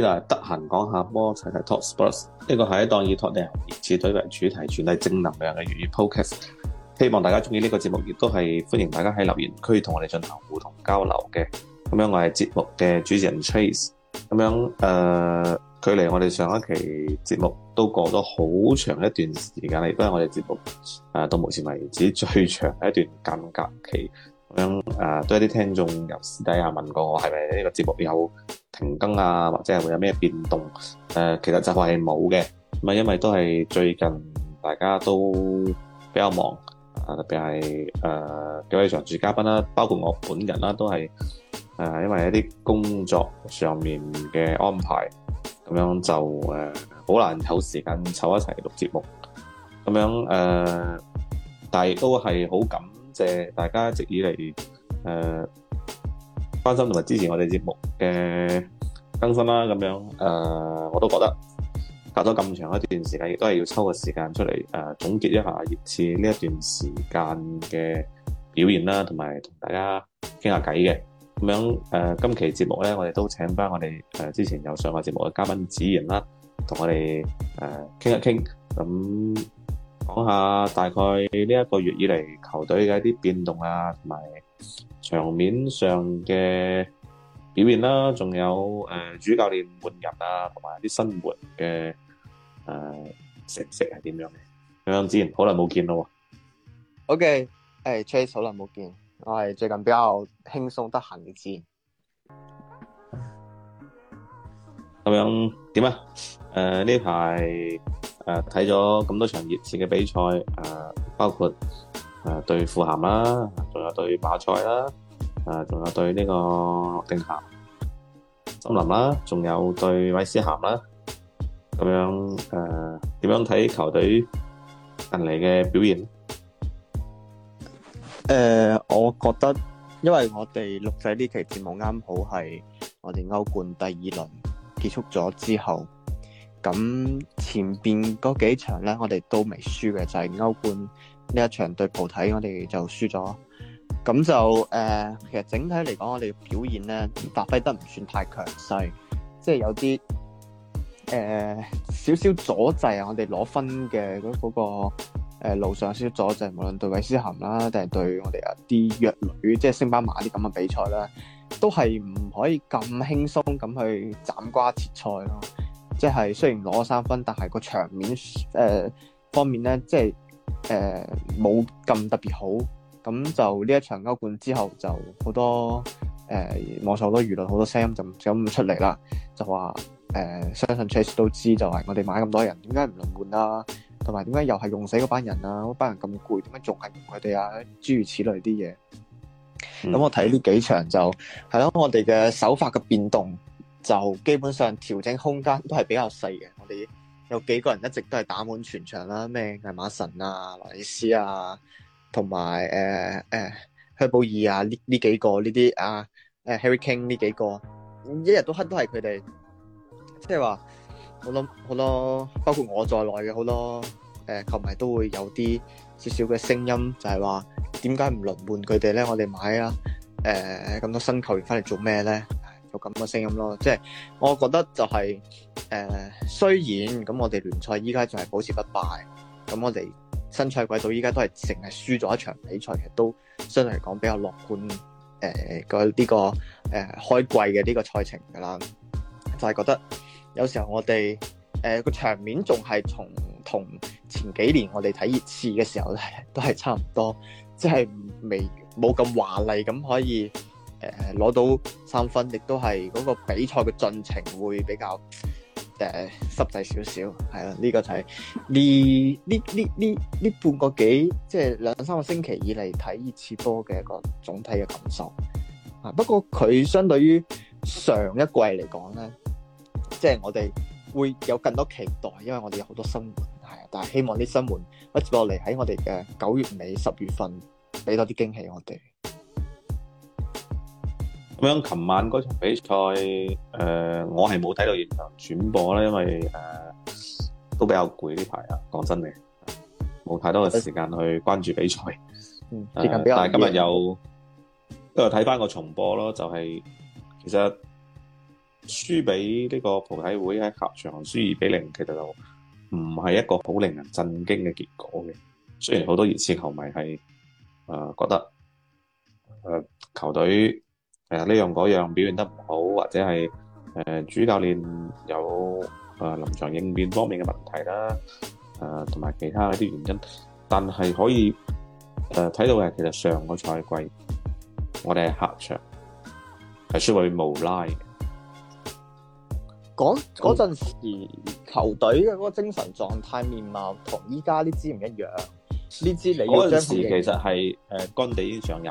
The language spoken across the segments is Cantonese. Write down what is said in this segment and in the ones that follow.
呢就係得閒講下波，齊齊 Talk Spurs。呢個係一檔以托定咸熱刺隊為主題，傳遞正能量嘅粵語 Podcast。希望大家中意呢個節目，亦都係歡迎大家喺留言區同我哋進行互動交流嘅。咁樣我係節目嘅主持人 Chase。咁樣誒、呃，距離我哋上一期節目都過咗好長一段時間啦，亦都係我哋節目誒、呃、到目前為止最長一段間隔期。咁樣誒都係啲聽眾有私底下問過我係咪呢個節目有停更啊，或者係會有咩變動？誒，其實就係冇嘅，咁啊因為都係最近大家都比較忙啊，特別係誒幾位常駐嘉賓啦，包括我本人啦，都係誒因為一啲工作上面嘅安排，咁樣就誒好難有時間湊一齊錄節目，咁樣誒，但係都係好感謝大家一直以嚟誒、呃、關心同埋支持我哋節目嘅更新啦，咁樣誒、呃、我都覺得隔咗咁長一段時間，亦都係要抽個時間出嚟誒、呃、總結一下熱刺呢一段時間嘅表現啦，同埋同大家傾下偈嘅。咁樣誒、呃，今期節目咧，我哋都請翻我哋誒、呃、之前有上過節目嘅嘉賓子賢啦，同我哋誒傾一傾咁。講下大概呢一個月以嚟球隊嘅一啲變動啊，同埋場面上嘅表現啦，仲有誒主教練換人啊，同埋啲新換嘅誒成色係點樣嘅？子賢，好耐冇見啦，OK，誒，Chase 好耐冇見，我係最近比較輕鬆得閒嘅子賢。咁樣點啊？誒呢排誒睇咗咁多場熱刺嘅比賽，誒包括誒對富咸啦，仲有對馬賽啦，誒仲有對呢個諾定咸森林啦，仲有對韋斯咸啦。咁樣誒點樣睇球隊近嚟嘅表現？誒，我覺得，因為我哋錄製呢期節目啱好係我哋歐冠第二輪。結束咗之後，咁前邊嗰幾場咧，我哋都未輸嘅，就係歐冠呢一場對葡體，我哋就輸咗。咁就誒，其實整體嚟講，我哋表現咧發揮得唔算太強勢，即係有啲誒少少阻滯啊，我哋攞分嘅嗰嗰個誒路上少少阻滯，無論對韋斯咸啦，定係對我哋一啲弱旅，即係星巴馬啲咁嘅比賽啦。都係唔可以咁輕鬆咁去斬瓜切菜咯，即係雖然攞三分，但係個場面誒方面咧，即係誒冇咁特別好，咁就呢一場歐冠之後就好多誒網上好多輿論好多聲就咁出嚟啦，就話誒相信 Chase 都知道就係我哋買咁多人，點解唔輪換啊？同埋點解又係用死嗰班人啊？嗰班人咁攰，點解仲係用佢哋啊？諸如此類啲嘢。咁、嗯、我睇呢幾場就係咯，我哋嘅手法嘅變動就基本上調整空間都係比較細嘅。我哋有幾個人一直都係打滿全場啦，咩艾馬臣啊、羅伊斯啊，同埋誒誒希布爾啊呢呢幾個呢啲啊誒 Harry Kane 呢幾個，一日、啊呃、都黑都係佢哋。即係話，好多好多，包括我在內嘅好多誒、呃、球迷都會有啲少少嘅聲音，就係、是、話。點解唔輪換佢哋咧？我哋買啊！誒、呃、咁多新球員翻嚟做咩咧？有咁嘅聲音咯，即係我覺得就係、是、誒、呃。雖然咁，我哋聯賽依家仲係保持不敗，咁我哋新賽季到依家都係淨係輸咗一場比賽，其實都相對嚟講比較樂觀。誒、呃，呢、這個誒、呃、開季嘅呢個賽程噶啦，就係、是、覺得有時候我哋誒個場面仲係從同前幾年我哋睇熱刺嘅時候咧，都係差唔多。即係未冇咁華麗，咁可以誒攞、呃、到三分，亦都係嗰個比賽嘅進程會比較誒濕滯少少，係啦，呢個就係呢呢呢呢呢半個幾即係兩三個星期以嚟睇呢次波嘅一個總體嘅感受。啊，不過佢相對於上一季嚟講咧，即係我哋會有更多期待，因為我哋有好多生活。但係希望啲新門一直落嚟喺我哋嘅九月尾、十月份給，俾多啲驚喜我哋。咁樣，琴晚嗰場比賽，誒、呃，我係冇睇到現場轉播啦，因為誒、呃、都比較攰呢排啊。講真嘅，冇太多嘅時間去關注比賽，嗯。時間比較、呃。但係今日有，都係睇翻個重播咯。就係其實輸俾呢個葡體會喺客場輸二比零，其實，其實就。唔係一個好令人震驚嘅結果嘅，雖然好多熱刺球迷係誒、呃、覺得誒、呃、球隊誒呢樣嗰樣表現得唔好，或者係誒主教練有誒臨、呃、場應變方面嘅問題啦，誒同埋其他一啲原因，但係可以誒睇、呃、到係其實上個賽季我哋係客場，係輸去無拉嘅。嗰嗰陣時球隊嘅個精神狀態面貌同依家呢支唔一樣，呢支你嗰陣時其實係誒干地上入，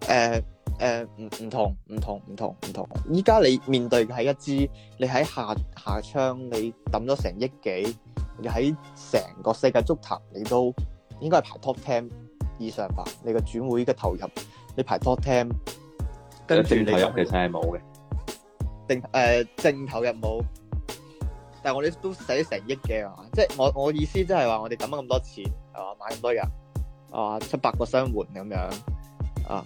誒誒唔唔同唔同唔同唔同。依家你面對嘅係一支你喺下下窗你抌咗成億幾，你喺成個世界足壇你都應該係排 top ten 以上吧？你嘅轉會嘅投入你排 top ten，跟住投入其實係冇嘅。正誒淨、呃、投入冇，但係我哋都使成億嘅，即係我我的意思即係話我哋抌咗咁多錢係買咁多人，啊，七八個新援咁樣啊，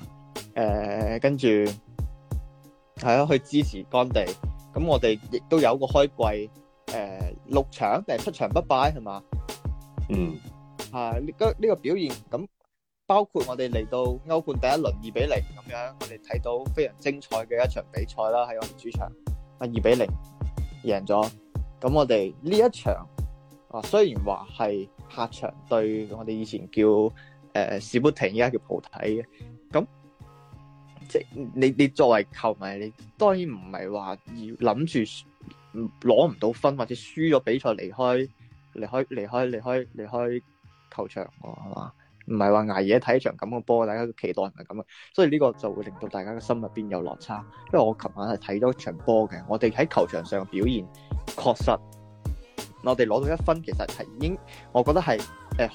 誒跟住係咯去支持干地咁，我哋亦都有個開季誒、呃、六場定係七場不敗係嘛，嗯吓呢個呢個表現咁。包括我哋嚟到歐冠第一輪二比零咁樣，我哋睇到非常精彩嘅一場比賽啦，喺我哋主場啊二比零贏咗。咁我哋呢一場啊，雖然話係客場對我哋以前叫誒史普廷，而家叫葡提嘅，咁即係你你作為球迷，你當然唔係話要諗住攞唔到分或者輸咗比賽離開離開離開離開離開球場嘅係嘛？唔係話捱夜睇一場咁嘅波，大家都期待唔係咁嘅，所以呢個就會令到大家嘅心入邊有落差。因為我琴晚係睇咗場波嘅，我哋喺球場上嘅表現確實，我哋攞到一分其實係已經，我覺得係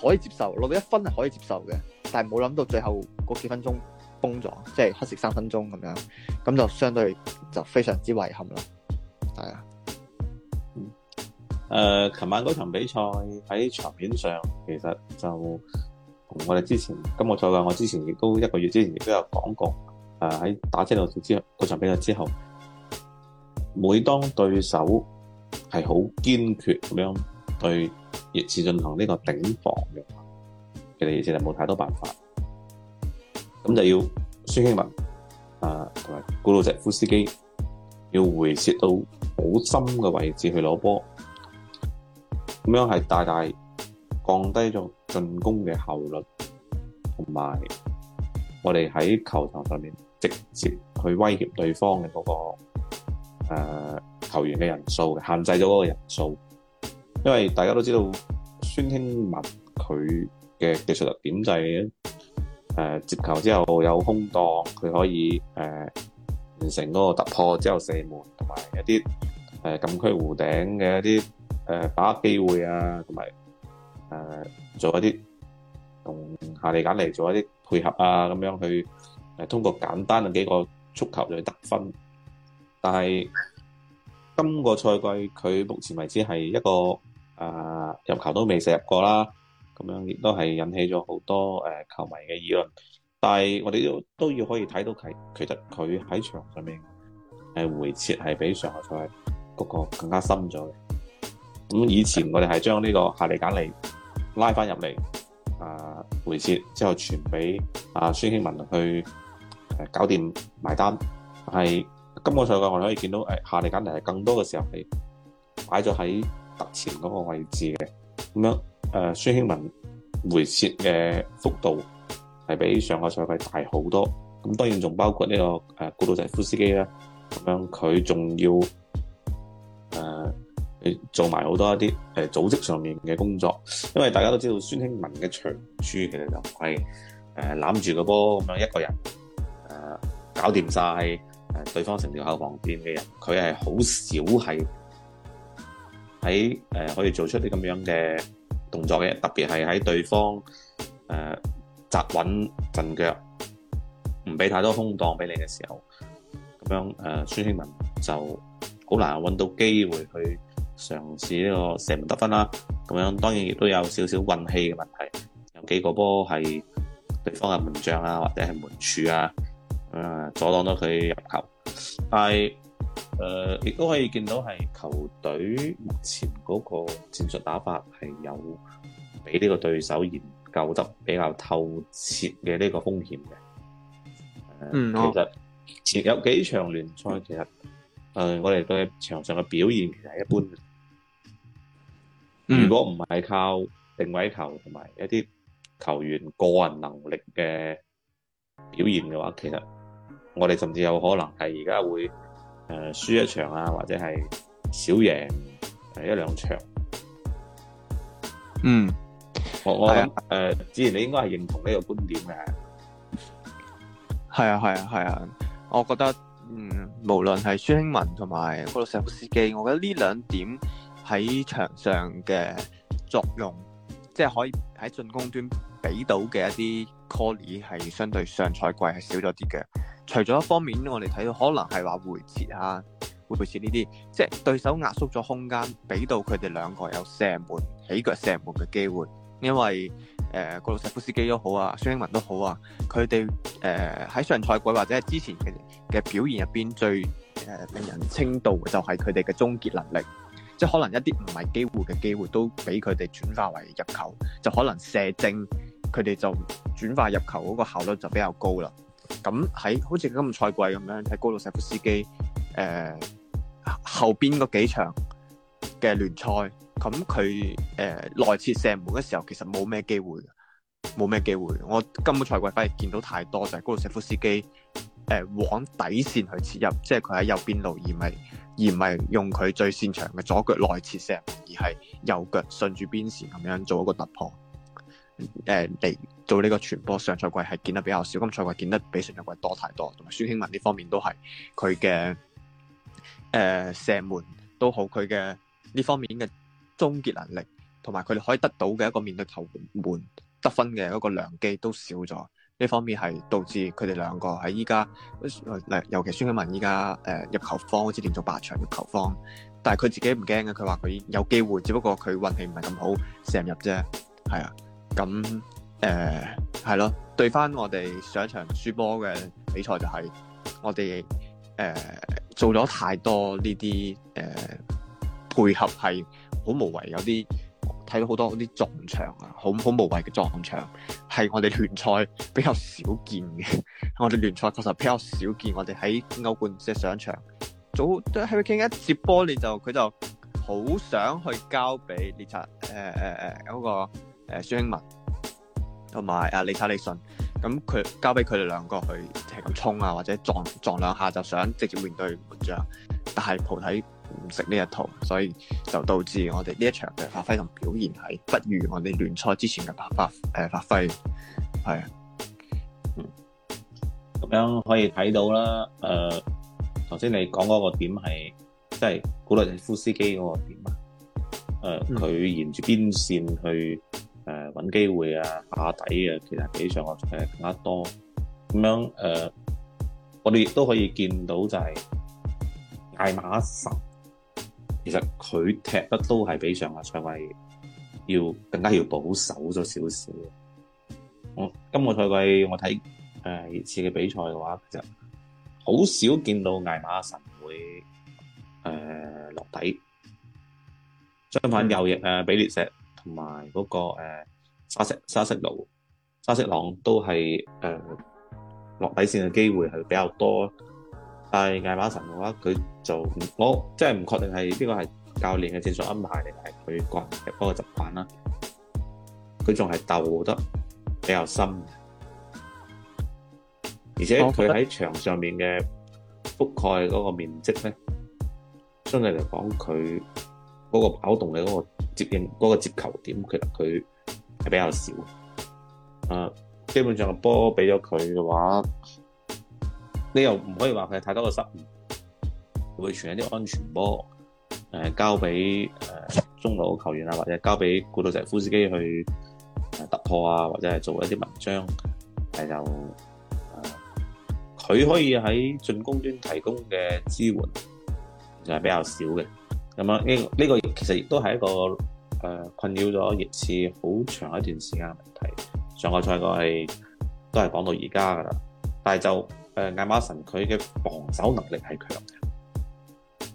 可以接受，攞到一分係可以接受嘅，但係冇諗到最後嗰幾分鐘崩咗，即係黑色三分鐘咁樣，咁就相對就非常之遺憾啦，係啊。嗯、呃，琴晚嗰場比賽喺場面上其實就～我哋之前，今個賽季我之前亦都一個月之前亦都有講過，誒、啊、喺打車路之後嗰場比賽之後，每當對手係好堅決咁樣對熱刺進行呢個頂防嘅話，其實熱刺就冇太多辦法，咁就要孫興文，誒同埋古魯澤夫斯基要回撤到好深嘅位置去攞波，咁樣係大大降低咗。進攻嘅效率，同埋我哋喺球場上面直接去威脅對方嘅嗰、那個、呃、球員嘅人數，限制咗嗰個人數。因為大家都知道孫興慜佢嘅技術特點就係、呃、接球之後有空檔，佢可以、呃、完成嗰個突破之後射門，同埋一啲、呃、禁區弧頂嘅一啲、呃、把握機會啊，同埋。誒、呃，做一啲同夏利簡尼做一啲配合啊，咁樣去誒、呃，通過簡單嘅幾個足球就去得分。但係今、這個賽季佢目前為止係一個誒、呃、入球都未射入過啦，咁樣亦都係引起咗好多誒、呃、球迷嘅議論。但係我哋都都要可以睇到佢，其實佢喺場上面係回撤係比上個賽季、嗰個更加深咗。咁以前我哋係將呢個夏利簡尼拉返入嚟，回撤之後傳俾啊孫興文去搞掂埋單。但係今個賽季我哋可以見到夏利簡尼係更多嘅時候係擺咗喺突前嗰個位置嘅，咁樣誒孫興文回撤嘅幅度係比上個賽季大好多。咁當然仲包括呢個古魯齊夫斯基啦，咁樣佢仲要，做埋好多一啲誒、呃、組織上面嘅工作，因為大家都知道孫興文嘅長處其實就係誒攬住個波咁樣一個人誒、呃、搞掂晒誒對方成條後防線嘅人，佢係好少係喺誒可以做出啲咁樣嘅動作嘅，特別係喺對方誒紮、呃、穩陣腳，唔俾太多空檔俾你嘅時候，咁樣誒、呃、孫興文就好難揾到機會去。嘗試呢個射門得分啦，咁樣當然亦都有少少運氣嘅問題，有幾個波係對方嘅門將啊或者係門柱啊，誒、嗯、阻擋到佢入球，但係誒亦都可以見到係球隊目前嗰個戰術打法係有俾呢個對手研究得比較透徹嘅呢個風險嘅，嗯、呃 mm -hmm.，其實前有幾場聯賽其實誒我哋對場上嘅表現其實係一般。如果唔係靠定位球同埋一啲球員個人能力嘅表現嘅話，其實我哋甚至有可能係而家會誒輸、呃、一場啊，或者係少贏誒一兩場。嗯，我我誒，子賢、啊呃、你應該係認同呢個觀點嘅。係啊，係啊，係啊，我覺得，嗯，無論係孫興文同埋克魯塞夫斯基，我覺得呢兩點。喺場上嘅作用，即係可以喺進攻端俾到嘅一啲 call 係相對上賽季係少咗啲嘅。除咗一方面，我哋睇到可能係話回撤啊，回撤呢啲，即係對手壓縮咗空間，俾到佢哋兩個有射門、起腳射門嘅機會。因為誒，庫盧塞夫斯基都好啊，孫興慜都好啊，佢哋誒喺上賽季或者之前嘅嘅表現入邊，最誒、呃、令人稱道嘅就係佢哋嘅終結能力。即係可能一啲唔係機會嘅機會，都俾佢哋轉化為入球，就可能射正，佢哋就轉化入球嗰個效率就比較高啦。咁喺好似今個賽季咁樣，喺高盧瑟夫斯基誒後邊嗰幾場嘅聯賽，咁佢誒內切射門嘅時候，其實冇咩機會，冇咩機會。我今個賽季反而見到太多就係高盧瑟夫斯基。誒，往底線去切入，即係佢喺右邊路而唔係，而唔係而唔係用佢最擅長嘅左腳內切射門，而係右腳順住邊線咁樣做一個突破。誒、呃，嚟做呢個傳波，上賽季係見得比較少，今賽季見得比上個賽季多太多。同埋孫興文呢方面都係佢嘅，誒、呃，射門都好，佢嘅呢方面嘅終結能力，同埋佢哋可以得到嘅一個面對球門得分嘅一個良機都少咗。呢方面係導致佢哋兩個喺依家，尤其孫興文依家誒入球荒，好似連續八場入球荒。但係佢自己唔驚嘅，佢話佢有機會，只不過佢運氣唔係咁好，射唔入啫。係啊，咁誒係咯。對翻我哋上一場輸波嘅比賽就係、是，我哋誒、呃、做咗太多呢啲誒配合係好無謂，有啲。睇到好多啲撞牆啊，好好無謂嘅撞牆，係我哋聯賽比較少見嘅。 我哋聯賽確實比較少見，我哋喺歐冠先上場。早喺 v i k 一接波，你就佢就好想去交俾列察誒誒誒嗰個誒孫興慜，同埋阿李察李信。咁、啊、佢交俾佢哋兩個去係咁衝啊，或者撞撞兩下就想直接面對門將，但係葡體，唔食呢一套，所以就導致我哋呢一場嘅發揮同表現係不如我哋聯賽之前嘅發誒、呃、發揮，係啊，嗯，咁樣可以睇到啦。誒、呃，頭先你講嗰個點係即係古列夫斯基嗰個點啊。誒、呃，佢、嗯、沿住邊線去誒揾、呃、機會啊，打底啊，其實比上個誒更加多。咁樣誒、呃，我哋亦都可以見到就係艾馬臣。其實佢踢得都係比上個賽季要更加要保守咗少少。我今個賽季我睇誒熱刺嘅比賽嘅話，其實好少見到艾馬臣會誒落底。相反右翼誒比列石同埋嗰個誒沙色沙色奴沙色朗都係誒落底線嘅機會係比較多。但係艾馬臣嘅話，佢就唔，我即係唔確定係呢個係教練嘅戰術安排，定係佢個人嘅嗰個習慣啦。佢仲係鬥得比較深，而且佢喺場上面嘅覆蓋嗰個面積呢，相對嚟講，佢嗰個跑動嘅嗰個接應嗰、嗰個接球點，其實佢係比較少。誒、啊，基本上波俾咗佢嘅話。你又唔可以話佢太多嘅失誤，會傳一啲安全波，呃、交俾、呃、中路嘅球員或者交俾古道石夫斯基去突破啊，或者係做一啲文章，係就佢、呃、可以喺進攻端提供嘅支援就係、是、比較少嘅。咁啊呢個其實亦都係一個、呃、困擾咗熱刺好長一段時間嘅問題。上個賽季都係講到而家㗎喇，但係就誒艾馬臣佢嘅防守能力係強嘅，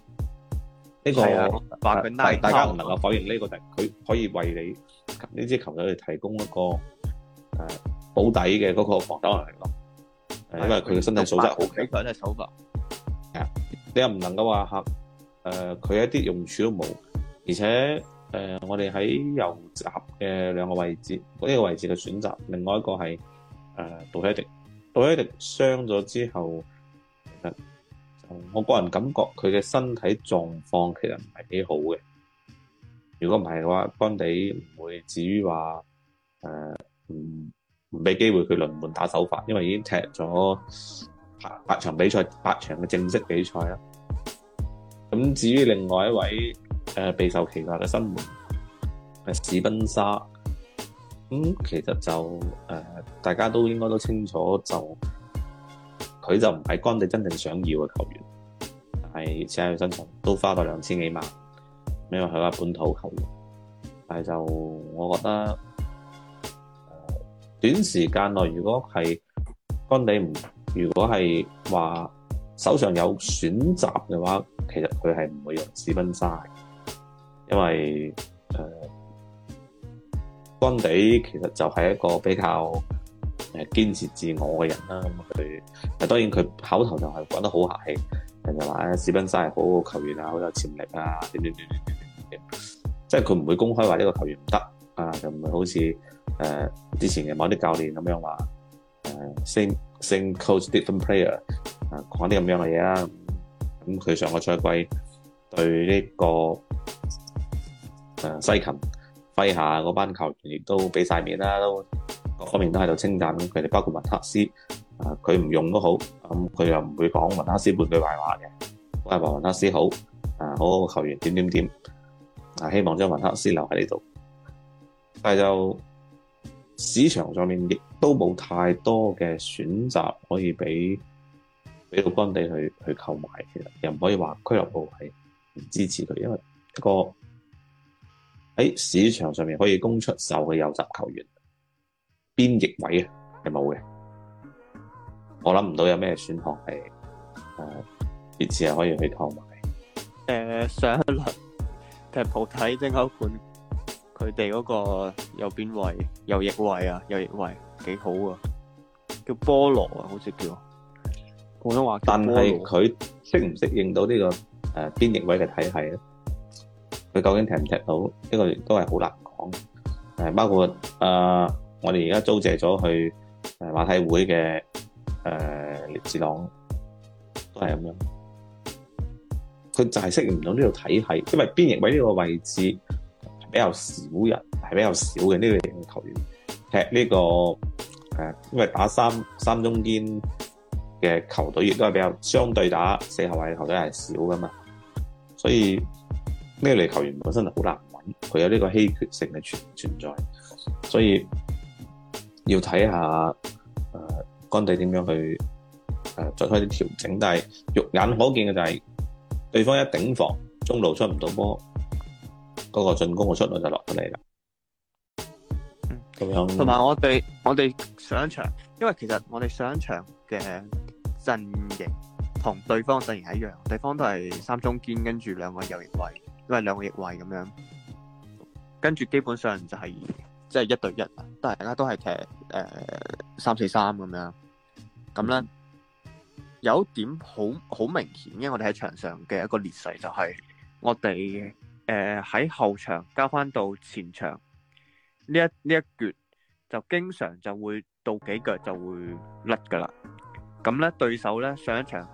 呢、這個但係大家唔能夠否認呢個，就係佢可以為你呢支球隊提供一個保底嘅嗰個防守能力咯。因為佢嘅身體素質 OK，佢真係守得。你又唔能夠話佢、呃、一啲用處都冇，而且、呃、我哋喺右閘嘅兩個位置呢、這個位置嘅選擇，另外一個係杜希迪。呃戴立傷咗之後，其實我個人感覺佢嘅身體狀況其實唔係幾好嘅。如果唔係嘅話，干地唔會至於話誒，唔唔俾機會佢輪換打首發，因為已經踢咗八場比賽、八場嘅正式比賽啦。咁至於另外一位誒、呃、備受期待嘅新門係史賓沙。咁、嗯、其實就誒、呃，大家都應該都清楚，就佢就唔係干地真正想要嘅球員，係而且佢薪酬都花咗兩千幾萬，因為佢係本土球員，但係就我覺得，呃、短時間內如果係干地唔，如果係話手上有選擇嘅話，其實佢係唔會用史賓沙的，因為誒，呃干地其實就係一個比較誒堅持自我嘅人啦。咁佢，當然佢口頭就係講得好客氣，人哋話咧史賓沙係好嘅球員啊，好有潛力啊，點點點點點點，即係佢唔會公開話呢個球員唔得啊，就唔會好似誒、呃、之前嘅某啲教練咁樣話誒 same same coach different player 啊講啲咁樣嘅嘢啦。咁佢上個賽季對呢、這個誒、呃、西芹。麾下嗰班球員亦都俾晒面啦，都各方面都喺度稱讚佢哋，他們包括文克斯佢唔、啊、用都好，咁佢又唔會講文克斯半句壞話嘅，我係話文克斯好啊，好，好的球員點點點、啊、希望將文克斯留喺呢度。但係就市場上面亦都冇太多嘅選擇可以俾俾到干地去去購買，其實又唔可以話俱樂部係唔支持佢，因為一個。喺市場上面可以供出售嘅遊襲球員邊翼位啊，係冇嘅。我諗唔到有咩選項係，而次係可以去購買。誒、呃，上一輪踢葡體爭歐冠，佢哋嗰個右邊位、右翼位啊、右翼位幾好啊，叫菠羅啊，好似叫普通話。但係佢適唔適應到呢、這個誒邊翼位嘅體系咧？佢究竟踢唔踢到？呢、這個都係好難講。包括誒、呃，我哋而家租借咗去誒馬體會嘅誒列治朗，都係咁樣。佢就係適唔到呢個體系，因為邊翼位呢個位置比較少人，係比較少嘅呢類型嘅球員踢呢、這個誒、呃，因為打三三中堅嘅球隊，亦都係比較相對打四號位嘅球隊係少㗎嘛，所以。呢、這個嚟球員本身就好難揾，佢有呢個稀缺性嘅存存在，所以要睇下誒，干、呃、地點樣去誒作出啲調整。但係肉眼可見嘅就係、是、對方一頂防中路出唔到波，嗰、那個進攻嘅出路就落咗嚟啦。咁、嗯、樣同埋我哋我哋上一場，因為其實我哋上一場嘅陣型同對方嘅陣型係一樣，對方都係三中堅跟住兩個右翼位。都係兩個逆位咁樣，跟住基本上就係即係一對一啦，但係大家都係踢誒三四三咁樣，咁咧有一點好好明顯因為，我哋喺場上嘅一個劣勢就係我哋誒喺後場交返到前場呢一呢一橛就經常就會到幾腳就會甩噶啦，咁咧對手咧上一場。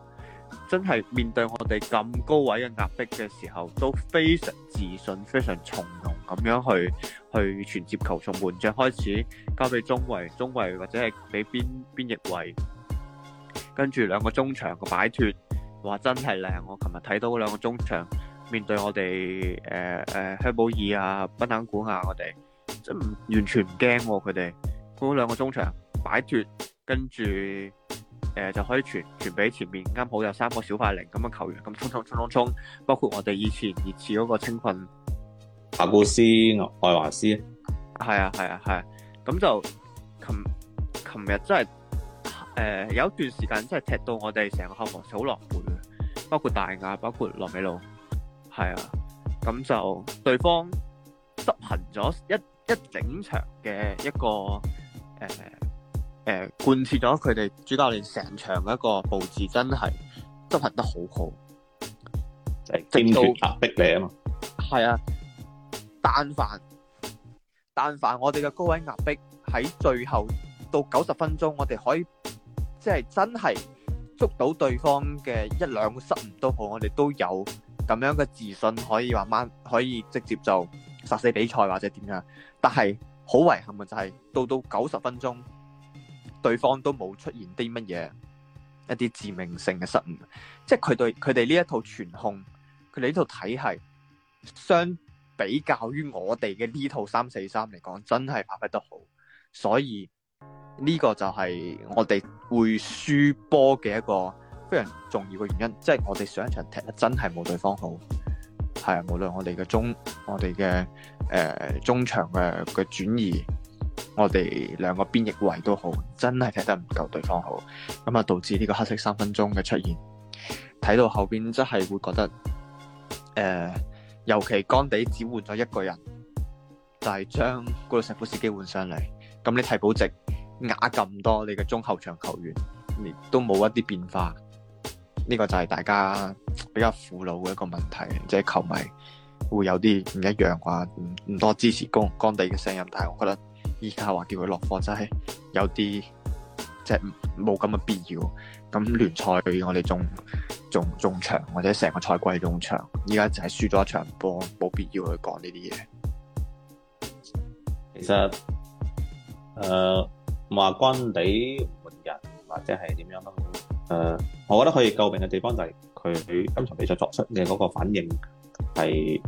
真係面對我哋咁高位嘅壓迫嘅時候，都非常自信、非常從容咁樣去去傳接球從門、從門將開始，交俾中衛、中衛或者係俾邊邊翼位，跟住兩個中場嘅擺脫，哇！真係靚。我琴日睇到兩兩個中場面對我哋誒誒香保二啊、賓肯古啊，我哋真唔完全唔驚佢哋嗰兩個中場擺脫，跟住。誒，就可以傳傳俾前面，啱好有三個小快靈咁嘅球員，咁衝衝衝衝衝，衝，包括我哋以前熱刺嗰個青訓阿布斯愛華斯，係啊係啊係啊，咁、啊啊、就琴琴日真係，誒、呃、有一段時間真係踢到我哋成個後防好狼狽啊，包括戴亞，包括羅美路，係啊，咁就對方執行咗一一整場嘅一個誒。呃誒、呃、貫徹咗佢哋主教練成場嘅一個佈置，真係執行得好好，係、就是、堅決壓迫你啊嘛。係、嗯、啊，但凡但凡我哋嘅高位壓迫喺最後到九十分鐘，我哋可以即係、就是、真係捉到對方嘅一兩個失誤都好，我哋都有咁樣嘅自信，可以話慢可以直接就殺死比賽或者點樣。但係好遺憾嘅就係到到九十分鐘。對方都冇出現啲乜嘢，一啲致命性嘅失誤，即係佢對佢哋呢一套傳控，佢哋呢套體系，相比較於我哋嘅呢套三四三嚟講，真係發揮得好。所以呢、這個就係我哋會輸波嘅一個非常重要嘅原因，即、就、係、是、我哋上一場踢得真係冇對方好。係啊，無論我哋嘅中，我哋嘅誒中場嘅嘅、呃、轉移。我哋兩個邊翼位都好，真係睇得唔夠對方好，咁啊導致呢個黑色三分鐘嘅出現。睇到後邊真係會覺得誒、呃，尤其干地只換咗一個人，就係將古里士夫斯基換上嚟。咁你替補席，壓咁多，你嘅中後場球員亦都冇一啲變化。呢、這個就係大家比較苦惱嘅一個問題，即、就、係、是、球迷會有啲唔一樣話，唔唔多支持干地嘅聲音。但係我覺得。依家話叫佢落課真係有啲即係冇咁嘅必要。咁聯賽我哋仲仲仲長，或者成個賽季仲長。依家就係輸咗一場波，冇必要去講呢啲嘢。其實，誒、呃、唔話干地換人或者係點樣都好，誒、呃，我覺得可以詬病嘅地方就係佢今場比賽作出嘅嗰個反應係、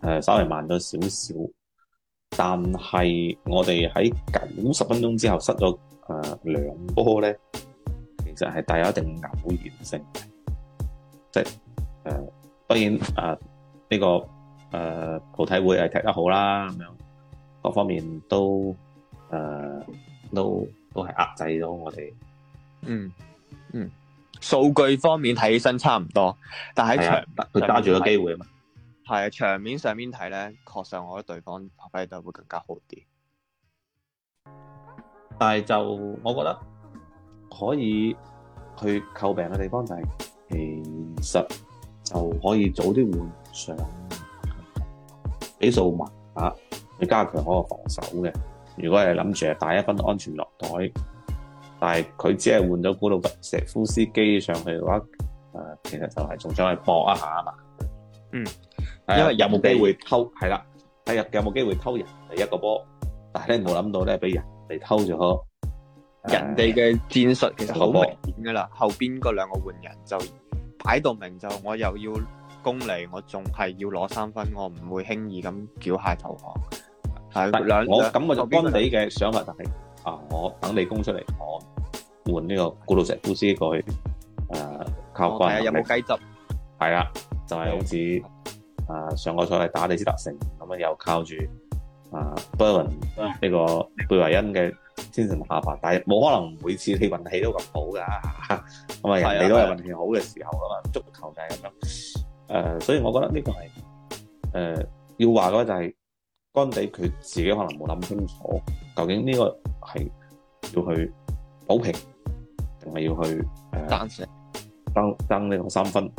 呃、稍微慢咗少少。但係我哋喺九十分鐘之後失咗誒兩波咧，其實係帶有一定偶然性。即係誒、呃，當然誒呢、呃，這個誒葡、呃、體會係踢得好啦，咁樣各方面都誒、呃、都都係壓制咗我哋。嗯嗯，數據方面睇起身差唔多，但係喺場佢揸住個機會啊嘛。係啊，場面上面睇咧，確實我覺得對方發揮得會更加好啲。但係就我覺得可以去詬病嘅地方就係，其實就可以早啲換上比蘇馬嚇，你加強個防守嘅。如果係諗住係帶一分安全落袋，但係佢只係換咗古魯特石夫斯基上去嘅話，誒、呃、其實就係仲想去搏一下啊嘛。嗯。因為有冇機會偷係啦，係啊，有冇機會偷人哋一個波，但係咧冇諗到咧俾人哋偷咗。人哋嘅戰術其實好明顯噶啦，後邊嗰兩個換人就擺到明就，就我又要攻嚟，我仲係要攞三分，我唔會輕易咁繳械投降。係，我咁我就干地嘅想法就係啊，我等你攻出嚟，我換呢個古老石夫斯過去誒、呃，靠怪有冇雞汁係啦，就係好似。啊！上個賽季打李斯特城咁啊，又靠住啊 b u r 呢個貝維恩嘅天神下凡，但係冇可能每次你運氣都咁好㗎，咁啊人哋都係運氣好嘅時候啊嘛，足球就係咁樣。誒、呃，所以我覺得呢個係誒、呃、要話嘅就係、是，干地佢自己可能冇諗清楚，究竟呢個係要去保平，定係要去誒爭爭呢個三分。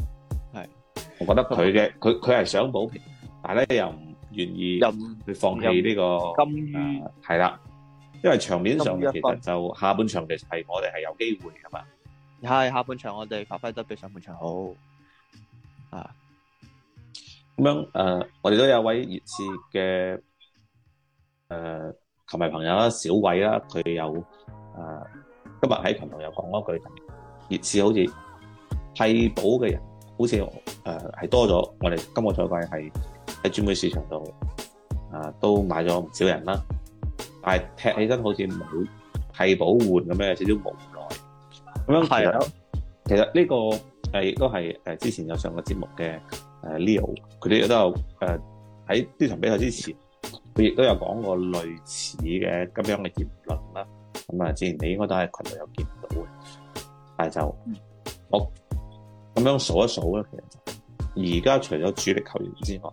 我覺得佢嘅佢佢係想保平，但係咧又唔願意去放棄呢、這個，係啦、啊，因為場面上其實就下半場其實係我哋係有機會噶嘛，係下半場我哋發揮得比上半場好，啊，咁樣誒、呃，我哋都有位熱刺嘅誒球迷朋友啦，小偉啦，佢有誒、呃、今日喺群度有講嗰句，熱刺好似替補嘅人，好似誒係多咗，我哋今個賽季係喺轉會市場度啊、呃，都買咗唔少人啦。但係踢起身好似冇替補換咁樣，有少少無奈。咁樣其實其實呢個亦都係之前有上過節目嘅誒、呃、Leo，佢哋亦都有誒喺呢場比賽之前，佢亦都有講過類似嘅咁樣嘅結論啦。咁、嗯、啊，之前你應該都喺群度有見到嘅，但係就我。嗯咁樣數一數啦，其實而家除咗主力球員之外，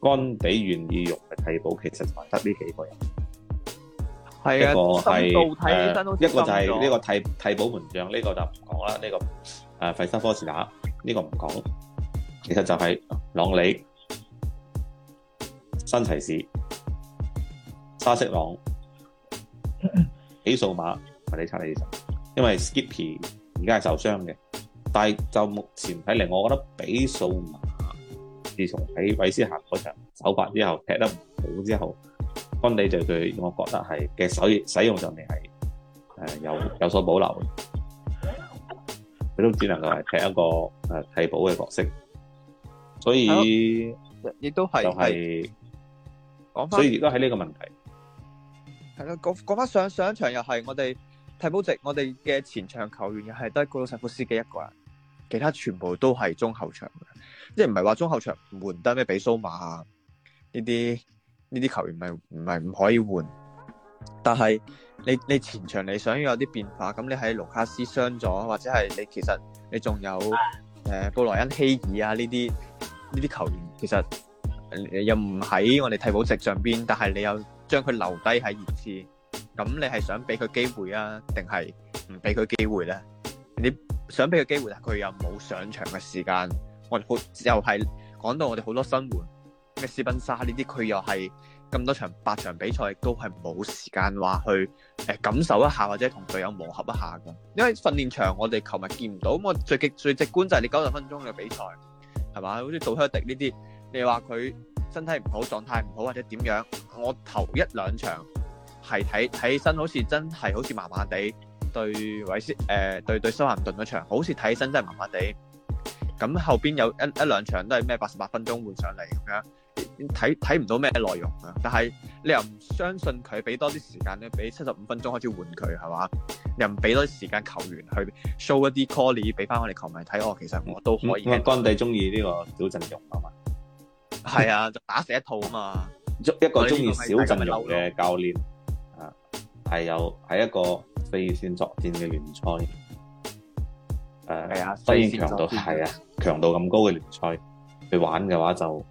干地願意用嚟替補，其實就係得呢幾個人。係啊，一個係，一個就係呢個替替補門將，呢個就唔講啦。呢個誒費沙科士打呢個唔講，其實就係朗里、新齊士、沙色朗起數碼我哋測你啲數， 因為 Skippy。而家係受傷嘅，但係就目前睇嚟，我覺得比數馬自從喺韋斯咸嗰場首發之後踢得唔好之後，干地就對我覺得係嘅使使用上面係誒有有所保留嘅，佢都只能夠係踢一個誒替補嘅角色，所以亦都係講翻，所以亦都係呢個問題係啦，講講翻上上一場又係我哋。替補席我哋嘅前場球員又係得個庫盧塞夫斯基一個人，其他全部都係中後場的，即係唔係話中後場唔換得咩？比蘇馬呢啲呢啲球員咪唔係唔可以換，但係你你前場你想要有啲變化，咁你喺盧卡斯傷咗，或者係你其實你仲有誒、呃、布萊恩希爾啊呢啲呢啲球員，其實又唔喺我哋替補席上邊，但係你又將佢留低喺熱刺。咁你係想俾佢機會啊，定係唔俾佢機會咧？你想俾佢機會，但佢又冇上場嘅時間。我哋好又係講到我哋好多新援，咩斯賓沙呢啲，佢又係咁多場八場比賽都係冇時間話去誒感受一下或者同隊友磨合一下嘅。因為訓練場我哋球迷見唔到，咁我最極最直觀就係你九十分鐘嘅比賽係嘛，好似杜克迪呢啲，你話佢身體唔好、狀態唔好或者點樣，我頭一兩場。係睇睇起身好似真係好似麻麻地，對韋、呃、斯誒對對修咸頓嗰場，好似睇起身真係麻麻地。咁後邊有一一兩場都係咩八十八分鐘換上嚟咁樣，睇睇唔到咩內容啊！但係你又唔相信佢俾多啲時間咧，俾七十五分鐘開始換佢係嘛？你又唔俾多啲時間球員去 show 一啲 callie 俾翻我哋球迷睇，我其實我都可以。干地中意呢個小陣容啊嘛，係啊，就 打死一套啊嘛，一個中意小陣容嘅教練。係有喺一個四線作戰嘅聯賽，誒，雖然強度係啊，強度咁高嘅聯賽去玩嘅話就，就、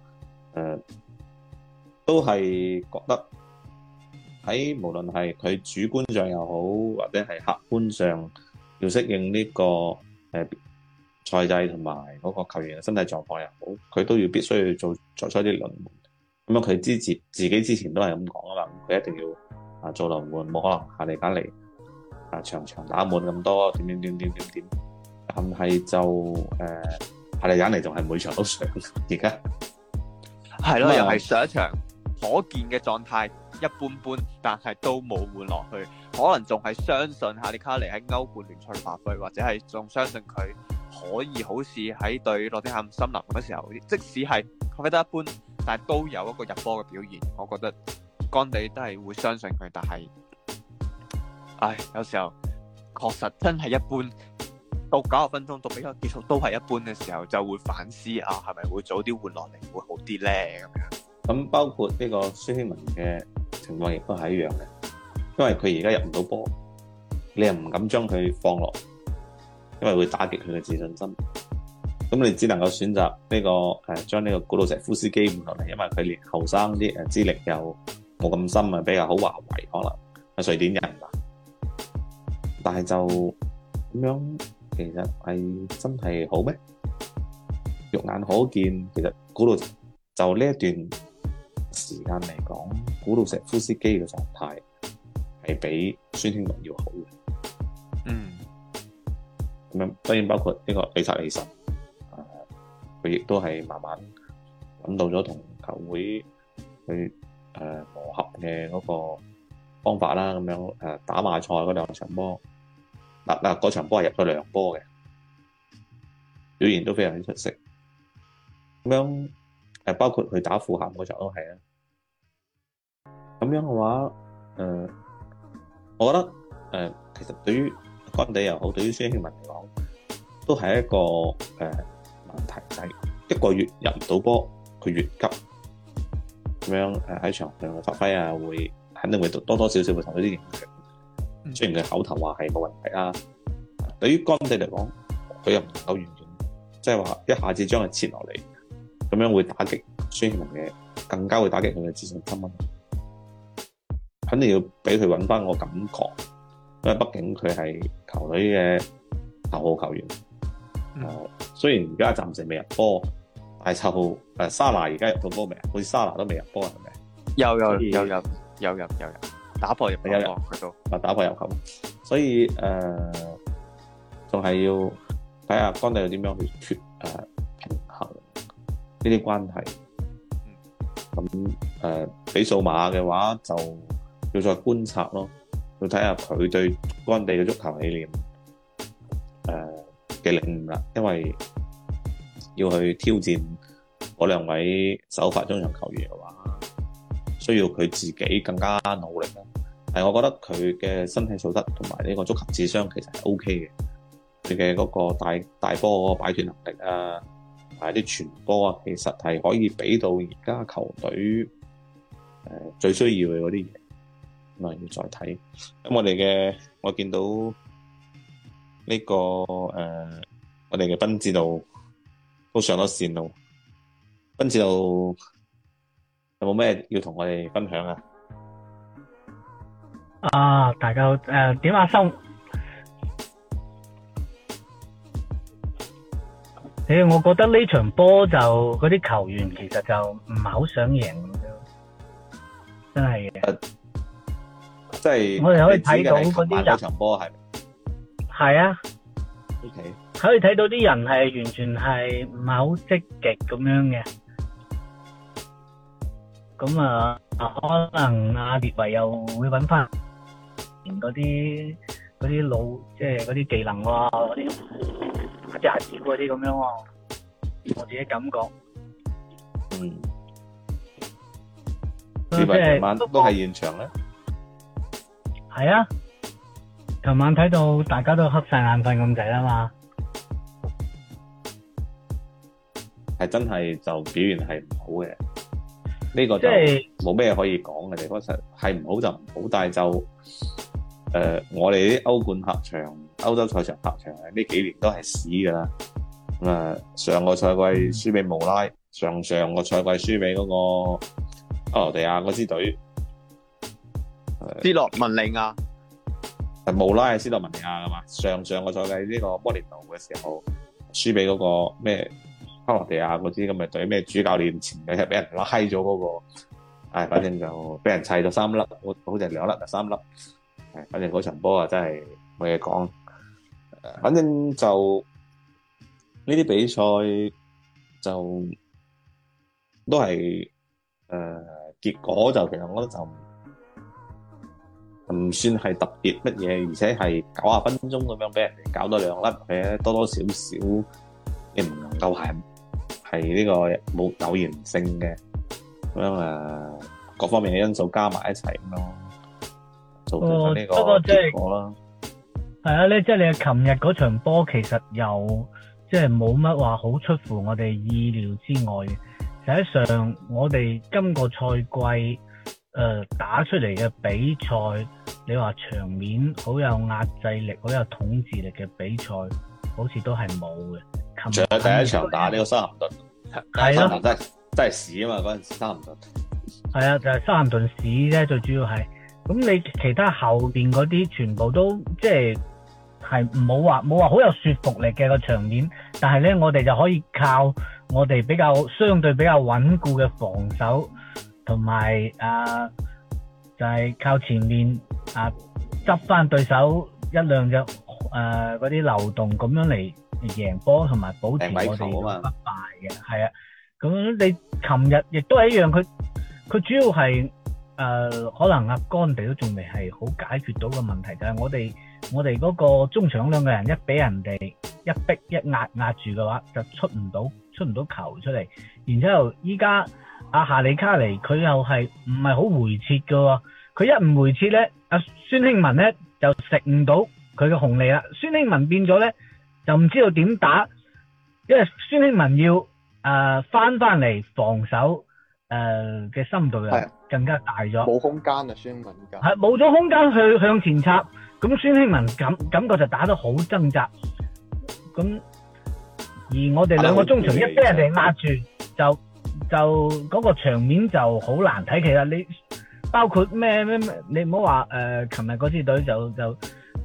呃、誒，都係覺得喺無論係佢主觀上又好，或者係客觀上要適應呢、這個誒賽、呃、制同埋嗰個球員嘅身體狀況又好，佢都要必須要做作出一啲輪。咁樣佢之前自己之前都係咁講啊嘛，佢一定要。啊！做輪換冇可能，哈利卡尼啊，場場打滿咁多，點點點點點點，但係就誒，哈利卡尼仲係每場都上，而家係咯，又係上一場可見嘅狀態一般般，但係都冇換落去，可能仲係相信哈利卡尼喺歐冠聯賽嘅發揮，或者係仲相信佢可以好似喺對諾丁漢森林嗰時候，即使係發揮得一般，但係都有一個入波嘅表現，我覺得。干地都係會相信佢，但係，唉，有時候確實真係一般。到九十分鐘到比賽結束都係一般嘅時候，就會反思啊，係咪會早啲換落嚟會好啲咧？咁樣咁包括呢個孫興慜嘅情況亦都係一樣嘅，因為佢而家入唔到波，你又唔敢將佢放落，因為會打擊佢嘅自信心。咁你只能夠選擇呢個誒將呢個古魯石夫斯基換落嚟，因為佢年後生啲誒資歷又，冇咁深啊，比較好華為可能係瑞典人啊，但係就咁樣，其實係真係好咩？肉眼可見，其實古盧就呢一段時間嚟講古盧舍夫斯基嘅狀態係比孫興慜要好嘅，嗯，咁樣當然包括呢個李察利臣啊，佢亦都係慢慢揾到咗同球會去。誒，磨合嘅嗰個方法啦，咁樣誒打馬賽嗰兩場波，嗱嗱嗰場波係入咗兩波嘅，表現都非常之出色。咁樣誒包括去打富咸嗰場都係啊。咁樣嘅話，誒，我覺得誒其實對於干地又好，對於孫興慜嚟講，都係一個誒問題，即係一個月入唔到波，佢越急。咁樣喺場上嘅發揮啊，會肯定會多多少少會受到啲影響。雖然佢口頭話係冇問題啦，嗯、對於干地嚟講，佢又唔夠完全，即係話一下子將佢撤落嚟，咁樣會打擊孫興慜嘅，更加會打擊佢嘅自信心啊！肯定要俾佢揾翻個感覺，因為畢竟佢係球隊嘅頭號球員。嗯呃、雖然而家暫時未入波。大臭號，誒、啊，沙拿而家入到波未啊？好似沙拿都未入波係咪？有有有入，有，有，有，有，有，有，有打破入有入，打破入球。有有佢都，啊，打破入球。所以誒，仲、呃、係要睇下干地又點樣去脱誒平衡呢啲關係。咁誒、呃，比數碼嘅話就要再觀察咯，要睇下佢對干地嘅足球理念誒嘅領悟啦，因為，要去挑戰嗰兩位首發中場球員嘅話，需要佢自己更加努力啦。但係我覺得佢嘅身體素質同埋呢個足球智商其實係 OK 嘅。佢嘅嗰個大大波嗰個擺脫能力啊，同埋啲傳波啊，其實係可以畀到而家球隊誒、呃、最需要嘅嗰啲嘢。咁啊要再睇。咁我哋嘅我見到呢、這個誒、呃、我哋嘅斌指導。都上咗線咯，斌指導，有冇咩要同我哋分享啊？啊，大家誒，點下生？誒、啊，我覺得呢場波就嗰啲球員其實就唔係好想贏，真係嘅、啊，即係我哋可以睇到嗰啲場波係，係啊。可以睇到啲人係完全係唔係好積極咁樣嘅，咁啊可能阿列維又會搵翻嗰啲嗰啲腦，即係嗰啲技能喎，嗰啲技巧嗰啲咁樣喎，我自己感覺。嗯，列維夜晚都係現場咧？係啊。琴晚睇到大家都黑晒眼瞓咁滯吖嘛，係真係就表現係唔好嘅，呢、這個就冇咩可以講嘅地方實係唔好就唔好就，但就誒我哋啲歐冠客場歐洲賽場客場呢幾年都係屎噶啦，咁、呃、上個賽季輸俾慕拉、嗯，上上個賽季輸俾嗰個克羅地亞嗰支隊、呃，斯洛文尼亞無拉係斯洛文尼亞㗎嘛？上上個賽季呢個摩連奴嘅時候輸俾嗰個咩克羅地亞嗰啲咁嘅隊，咩主教練前兩日俾人拉咗嗰個，唉、哎，反正就俾人砌咗三粒，好好似兩粒就三粒，誒，反正嗰場波啊真係冇嘢講，誒、呃，反正就呢啲比賽就都係誒、呃、結果就其實我覺得就。唔算係特別乜嘢，而且係九十分鐘咁樣俾人搞到兩粒嘅，多多少少亦唔能夠係係呢個冇偶然性嘅咁樣啊，各方面嘅因素加埋一齊咯，造成呢個結果咯。係啊，咧即係你琴日嗰場波，其實又即係冇乜話好出乎我哋意料之外嘅。實際上，我哋今個賽季誒打出嚟嘅比賽。你話場面好有壓制力、好有統治力嘅比賽，好似都係冇嘅。琴日第一場打呢個沙咸頓，係咯，都係真係屎啊嘛！嗰陣時沙咸頓，係啊，就係沙咸頓啫，最主要係。咁你其他後邊嗰啲全部都即係係冇話冇話好有説服力嘅個場面，但係咧，我哋就可以靠我哋比較相對比較穩固嘅防守同埋啊。就係靠前面啊，執翻對手一兩隻誒嗰啲漏洞咁樣嚟贏波，同埋保持我哋不敗嘅。係啊，咁你琴日亦都係一樣，佢佢主要係誒可能阿干地都仲未係好解決到個問題，就係我哋我哋嗰個中場兩個人一俾人哋一逼一壓壓住嘅話，就出唔到出唔到球出嚟，然之後依家。阿夏利卡尼佢又係唔係好回撤㗎喎，佢一唔回撤咧，阿孫興文咧就食唔到佢嘅紅利啦。孫興文變咗咧就唔知道點打，因為孫興文要誒返返嚟防守誒嘅深度又更加大咗，冇空間啊，孫興文係冇咗空間去向前插，咁孫興文感感覺就打得好掙扎，咁而我哋兩個中場、哎、一俾人哋壓住就。就嗰個場面就好難睇，其實你包括咩咩咩，你唔好話誒，琴日嗰支隊就就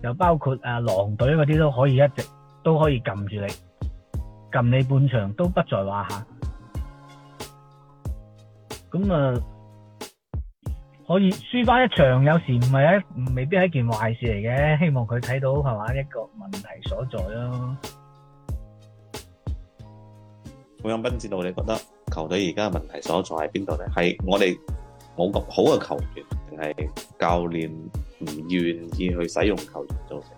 就包括誒狼隊嗰啲都可以一直都可以撳住你，撳你半場都不在話下。咁啊，可以輸翻一場，有時唔係一，未必係一件壞事嚟嘅。希望佢睇到係嘛一個問題所在咯。好永，斌指導你覺得？球隊而家嘅問題所在喺邊度咧？係我哋冇咁好嘅球員，定係教練唔願意去使用球員造成？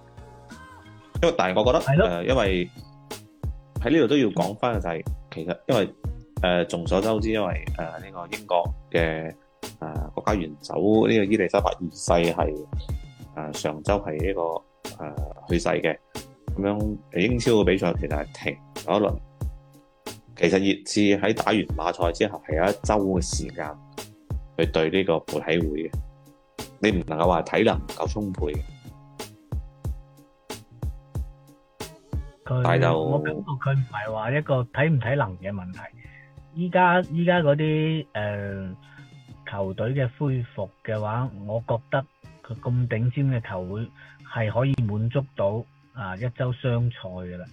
因為，但係我覺得、呃、因為喺呢度都要講翻嘅就係、其實，因為誒、呃、眾所周知，因為呢、呃這個、英國嘅、呃、國家元首呢、這個、伊麗莎白二世係、呃、上周係呢、這個、呃、去世嘅，咁樣英超嘅比賽其實係停咗一輪。其實熱刺喺打完馬賽之後係有一周嘅時間去對呢個部體會嘅，你唔能夠話體能唔夠充沛。佢，我感覺佢唔係話一個體唔體能嘅問題。依家依家嗰啲誒球隊嘅恢復嘅話，我覺得佢咁頂尖嘅球會係可以滿足到啊一周雙賽嘅啦。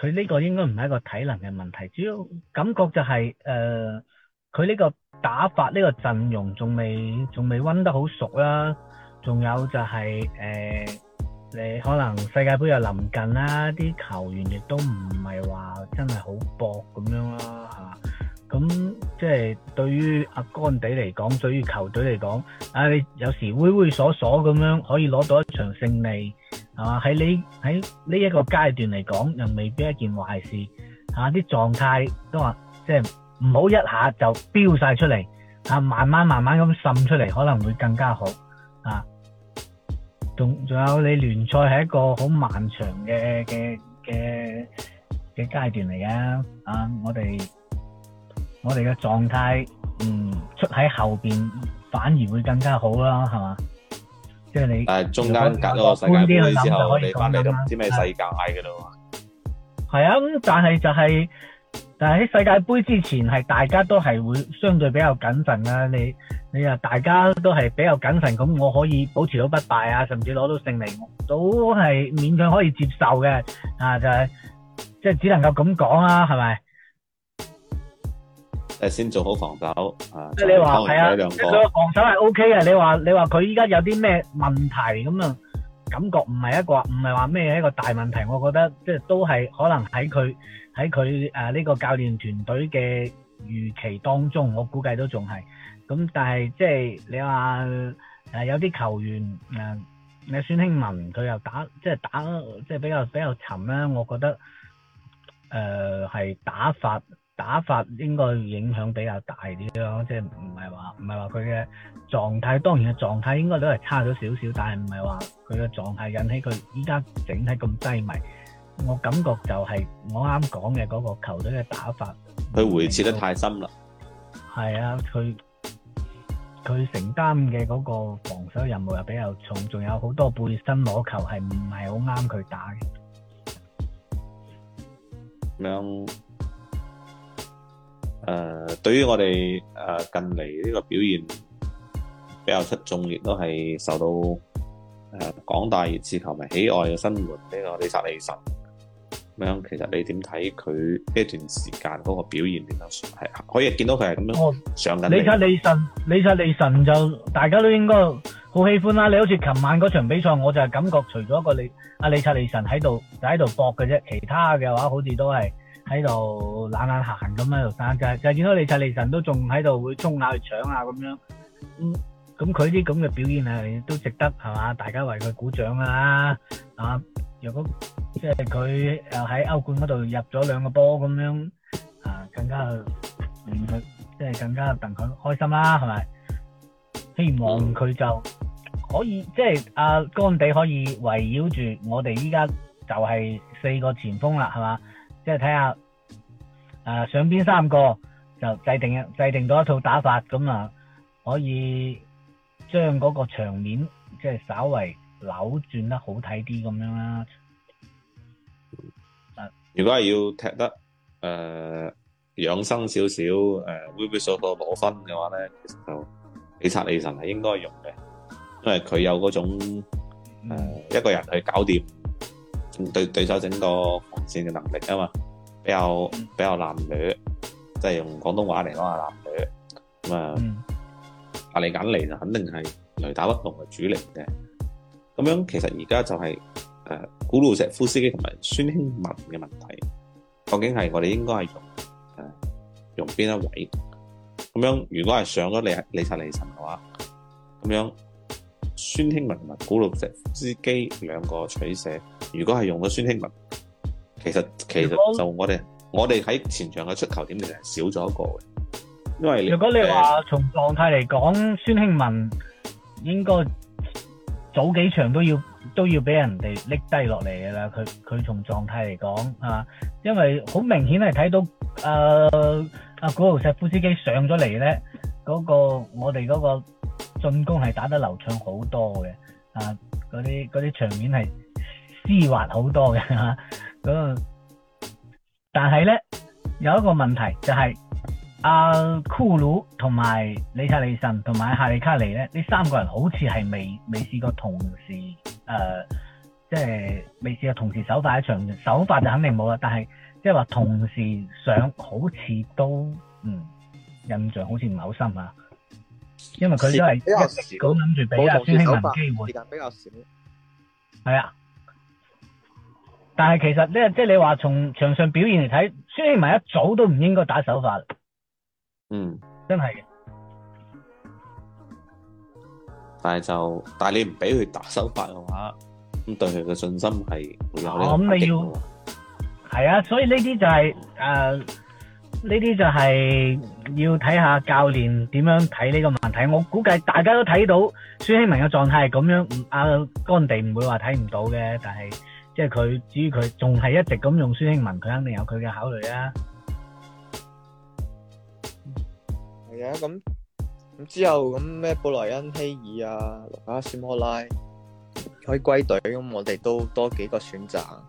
佢呢個應該唔係一個體能嘅問題，主要感覺就係、是、誒，佢、呃、呢個打法呢、這個陣容仲未仲未溫得好熟啦，仲有就係、是、誒、呃，你可能世界盃又臨近啦，啲球員亦都唔係話真係好搏咁樣啦嚇，咁即係對於阿干地嚟講，對於球隊嚟講，啊你有時猥猥瑣瑣咁樣可以攞到一場勝利。係嘛？喺呢喺呢一個階段嚟講，又未必一件壞事。吓啲狀態都話，即係唔好一下就飆晒出嚟，啊，慢慢慢慢咁滲出嚟，可能會更加好。啊，仲仲有你聯賽係一個好漫長嘅嘅嘅嘅階段嚟嘅。啊，我哋我哋嘅狀態嗯出喺後邊，反而會更加好啦，係嘛？即係你，誒，中間隔咗個世界杯之後，你翻嚟都唔知咩世界噶咯？係啊，咁但係就係，但係喺世界杯之前，係大家都係會相對比較謹慎啦。你你啊，大家都係比較謹慎，咁我可以保持到不敗啊，甚至攞到勝利，都係勉強可以接受嘅。啊，就係即係只能夠咁講啦，係咪？誒，先做好防守啊！即係你話係啊，即係防守係 O K 嘅。你話、OK、你話佢依家有啲咩問題咁啊？感覺唔係一個唔係話咩一個大問題，我覺得即係都係可能喺佢喺佢誒呢個教練團隊嘅預期當中，我估計都仲係咁。但係即係你話誒有啲球員誒，你、啊、孫興慜佢又打即係、就是、打即係、就是就是、比較比較沉啦，我覺得誒係、呃、打法。打法應該影響比較大啲咯，即係唔係話唔係話佢嘅狀態，當然嘅狀態應該都係差咗少少，但係唔係話佢嘅狀態引起佢依家整體咁低迷。我感覺就係我啱講嘅嗰個球隊嘅打法，佢回撤得太深啦。係啊，佢佢承擔嘅嗰個防守任務又比較重，仲有好多背身攞球，係唔係好啱佢打嘅。嗯誒、呃，對於我哋誒、呃、近嚟呢個表現比較出眾，亦都係受到誒廣、呃、大熱刺球迷喜愛嘅新援。呢、這個李察利臣，咁樣其實你點睇佢呢段時間嗰個表現點樣，係可以見到佢係咁樣上緊、哦、李察利臣，李察利臣就大家都應該好喜歡啦。你好似琴晚嗰場比賽，我就係感覺除咗個李阿李察利臣喺度就喺度搏嘅啫，其他嘅話好似都係。喺度懶懶行咁喺度打，就就是、見到你切利神都仲喺度會衝下去搶啊咁樣，嗯，咁佢啲咁嘅表現係都值得係嘛？大家為佢鼓掌啊！啊，如果即係佢又喺歐冠嗰度入咗兩個波咁樣，啊，更加令佢即係更加戥佢開心啦、啊，係咪？希望佢就可以即係阿干地可以圍繞住我哋依家就係四個前鋒啦，係嘛？即係睇下，誒、呃、上邊三個就制定制定咗一套打法，咁啊可以將嗰個場面即係稍微扭轉得好睇啲咁樣啦。如果係要踢得誒、呃、養生少少，誒猥猥瑣瑣攞分嘅話咧，就李察李神係應該用嘅，因為佢有嗰種誒、呃、一個人去搞掂。對對手整個防線的能力啊嘛，比較比較難嘅，即、就是用廣東話嚟講係難嘅，咁、嗯、啊，嚟緊嚟就肯定是雷打不動嘅主力的，咁樣其實而家就是誒古魯石夫斯基同埋孫興文的問題，究竟係我哋應該係用誒用邊一位？咁樣如果係上咗李李察李神嘅話，咁樣。孫興文同古魯石夫斯基兩個取捨，如果係用咗孫興文，其實其實就我哋我哋喺前場嘅出球點其實少咗一個嘅。因為如果你話從狀態嚟講，孫、嗯、興文應該早幾場都要都要俾人哋拎低落嚟嘅啦。佢佢從狀態嚟講啊，因為好明顯係睇到誒阿、呃、古魯石夫斯基上咗嚟咧，嗰個我哋嗰個。進攻係打得流暢好多嘅，啊嗰啲啲場面係絲滑好多嘅嚇。咁、啊嗰個、但係咧有一個問題就係阿庫魯同埋李薩利臣同埋哈利卡尼咧，呢三個人好似係未未試過同時誒，即、啊、係、就是、未試過同時首發面。一場首發就肯定冇啦。但係即係話同時上好似都嗯印象好似唔係好深啊。因為佢都係咁諗住俾阿孫興文機會，時間比較少。係啊，但係其實咧，即係你話從場上表現嚟睇，孫興文一早都唔應該打手法。嗯，嗯，真係嘅。但係就，但係你唔俾佢打手法嘅話，咁對佢嘅信心係會有啲我諗你要，係啊，所以呢啲就係、是、誒、呢、呃、啲就係、是。呃要睇下教練點樣睇呢個問題。我估計大家都睇到孫興慜嘅狀態係咁樣，阿干地唔會話睇唔到嘅。但係即係佢，至於佢仲係一直咁用孫興慜，佢肯定有佢嘅考慮啊。係啊，咁咁之後咁咩？布萊恩希爾啊，盧卡斯摩拉可以歸隊，咁我哋都多幾個選擇啊，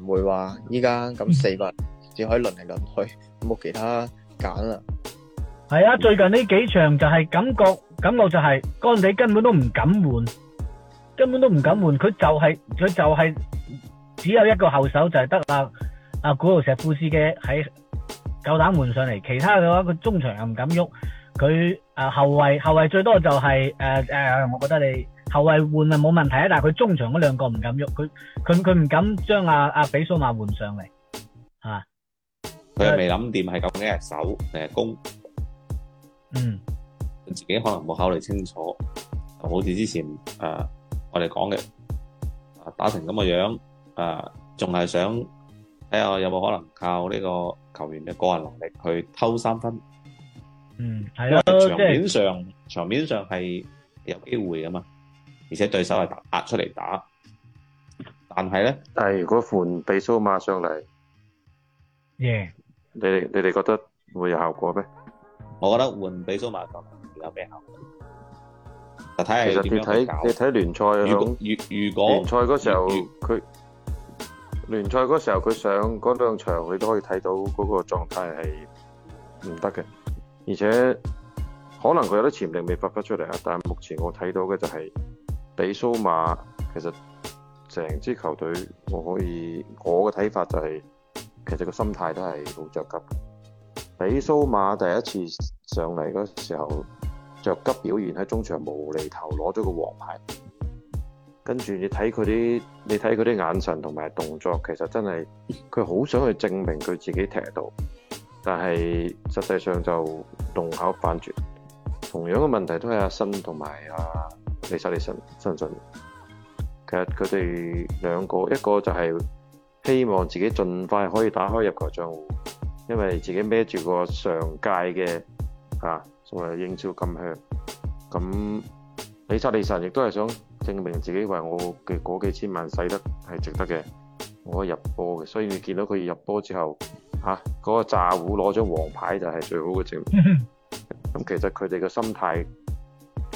唔會話依家咁四個人只可以輪嚟輪去，冇其他。揀啦，係啊！最近呢幾場就係感覺感覺就係，干地根本都唔敢換，根本都唔敢換。佢就係佢就係只有一個後手就係得啦，阿古路石富士嘅喺夠膽換上嚟。其他嘅話佢中場又唔敢喐，佢誒後衛後衛最多就係誒誒，我覺得你後衛換啊冇問題啊，但係佢中場嗰兩個唔敢喐，佢佢佢唔敢將阿阿比蘇馬換上嚟，係嘛？佢又未諗掂，係究竟守定係攻？嗯，自己可能冇考慮清楚。好似之前誒、呃，我哋講嘅，打成咁嘅樣，誒、呃，仲係想睇下、哎、有冇可能靠呢個球員嘅個人能力去偷三分？嗯，係咯、就是，場面上，場面上係有機會噶嘛？而且對手係壓出嚟打，但係咧，但係如果換貝蘇馬上嚟，耶、yeah.！你哋你哋覺得會有效果咩？我覺得換比蘇馬比較比較好。睇下其實你睇你睇聯賽，如果，如果聯賽嗰時候佢聯賽嗰時候佢上嗰兩場，佢都可以睇到嗰個狀態係唔得嘅。而且可能佢有啲潛力未發揮出嚟啊。但係目前我睇到嘅就係比蘇馬，其實成支球隊，我可以我嘅睇法就係。其實個心態都係好着急，比蘇馬第一次上嚟嗰時候，着急表現喺中場無厘頭攞咗個黃牌，跟住你睇佢啲，你睇佢啲眼神同埋動作，其實真係佢好想去證明佢自己踢到，但係實際上就動口反轉。同樣嘅問題都係阿新同埋阿李薩里森身上。其實佢哋兩個一個就係、是。希望自己盡快可以打開入球賬戶，因為自己孭住個上屆嘅嚇，作為英超金靴咁。李察利臣亦都係想證明自己，為我嘅嗰幾千萬使得係值得嘅，我可以入波嘅。所以你見到佢入波之後嗰、啊嗰個炸糊攞咗黃牌就係最好嘅證明。咁 其實佢哋嘅心態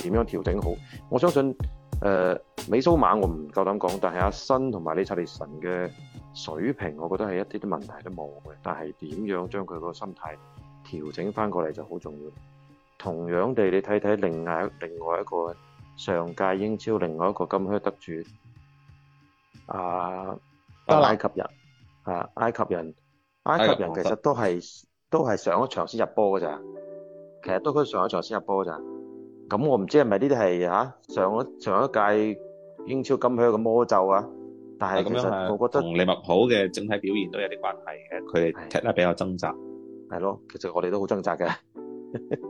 點樣調整好？我相信誒、呃，美蘇馬我唔夠膽講，但係阿新同埋李察利臣嘅水平，我覺得係一啲啲問題都冇嘅，但係點樣將佢個心態調整翻過嚟就好重要。同樣地，你睇睇另外另外一個上屆英超，另外一個金靴得主啊，埃及人啊，埃及人，埃及人其實都係都係上一場先入波㗎咋，其實都係上一場先入波㗎咋。咁我唔知係咪呢啲係嚇上一上一屆英超金靴嘅魔咒啊？但係咁樣，我覺得同利物浦嘅整體表現都有啲關係嘅。佢踢得比較掙扎，係咯。其實我哋都好掙扎嘅，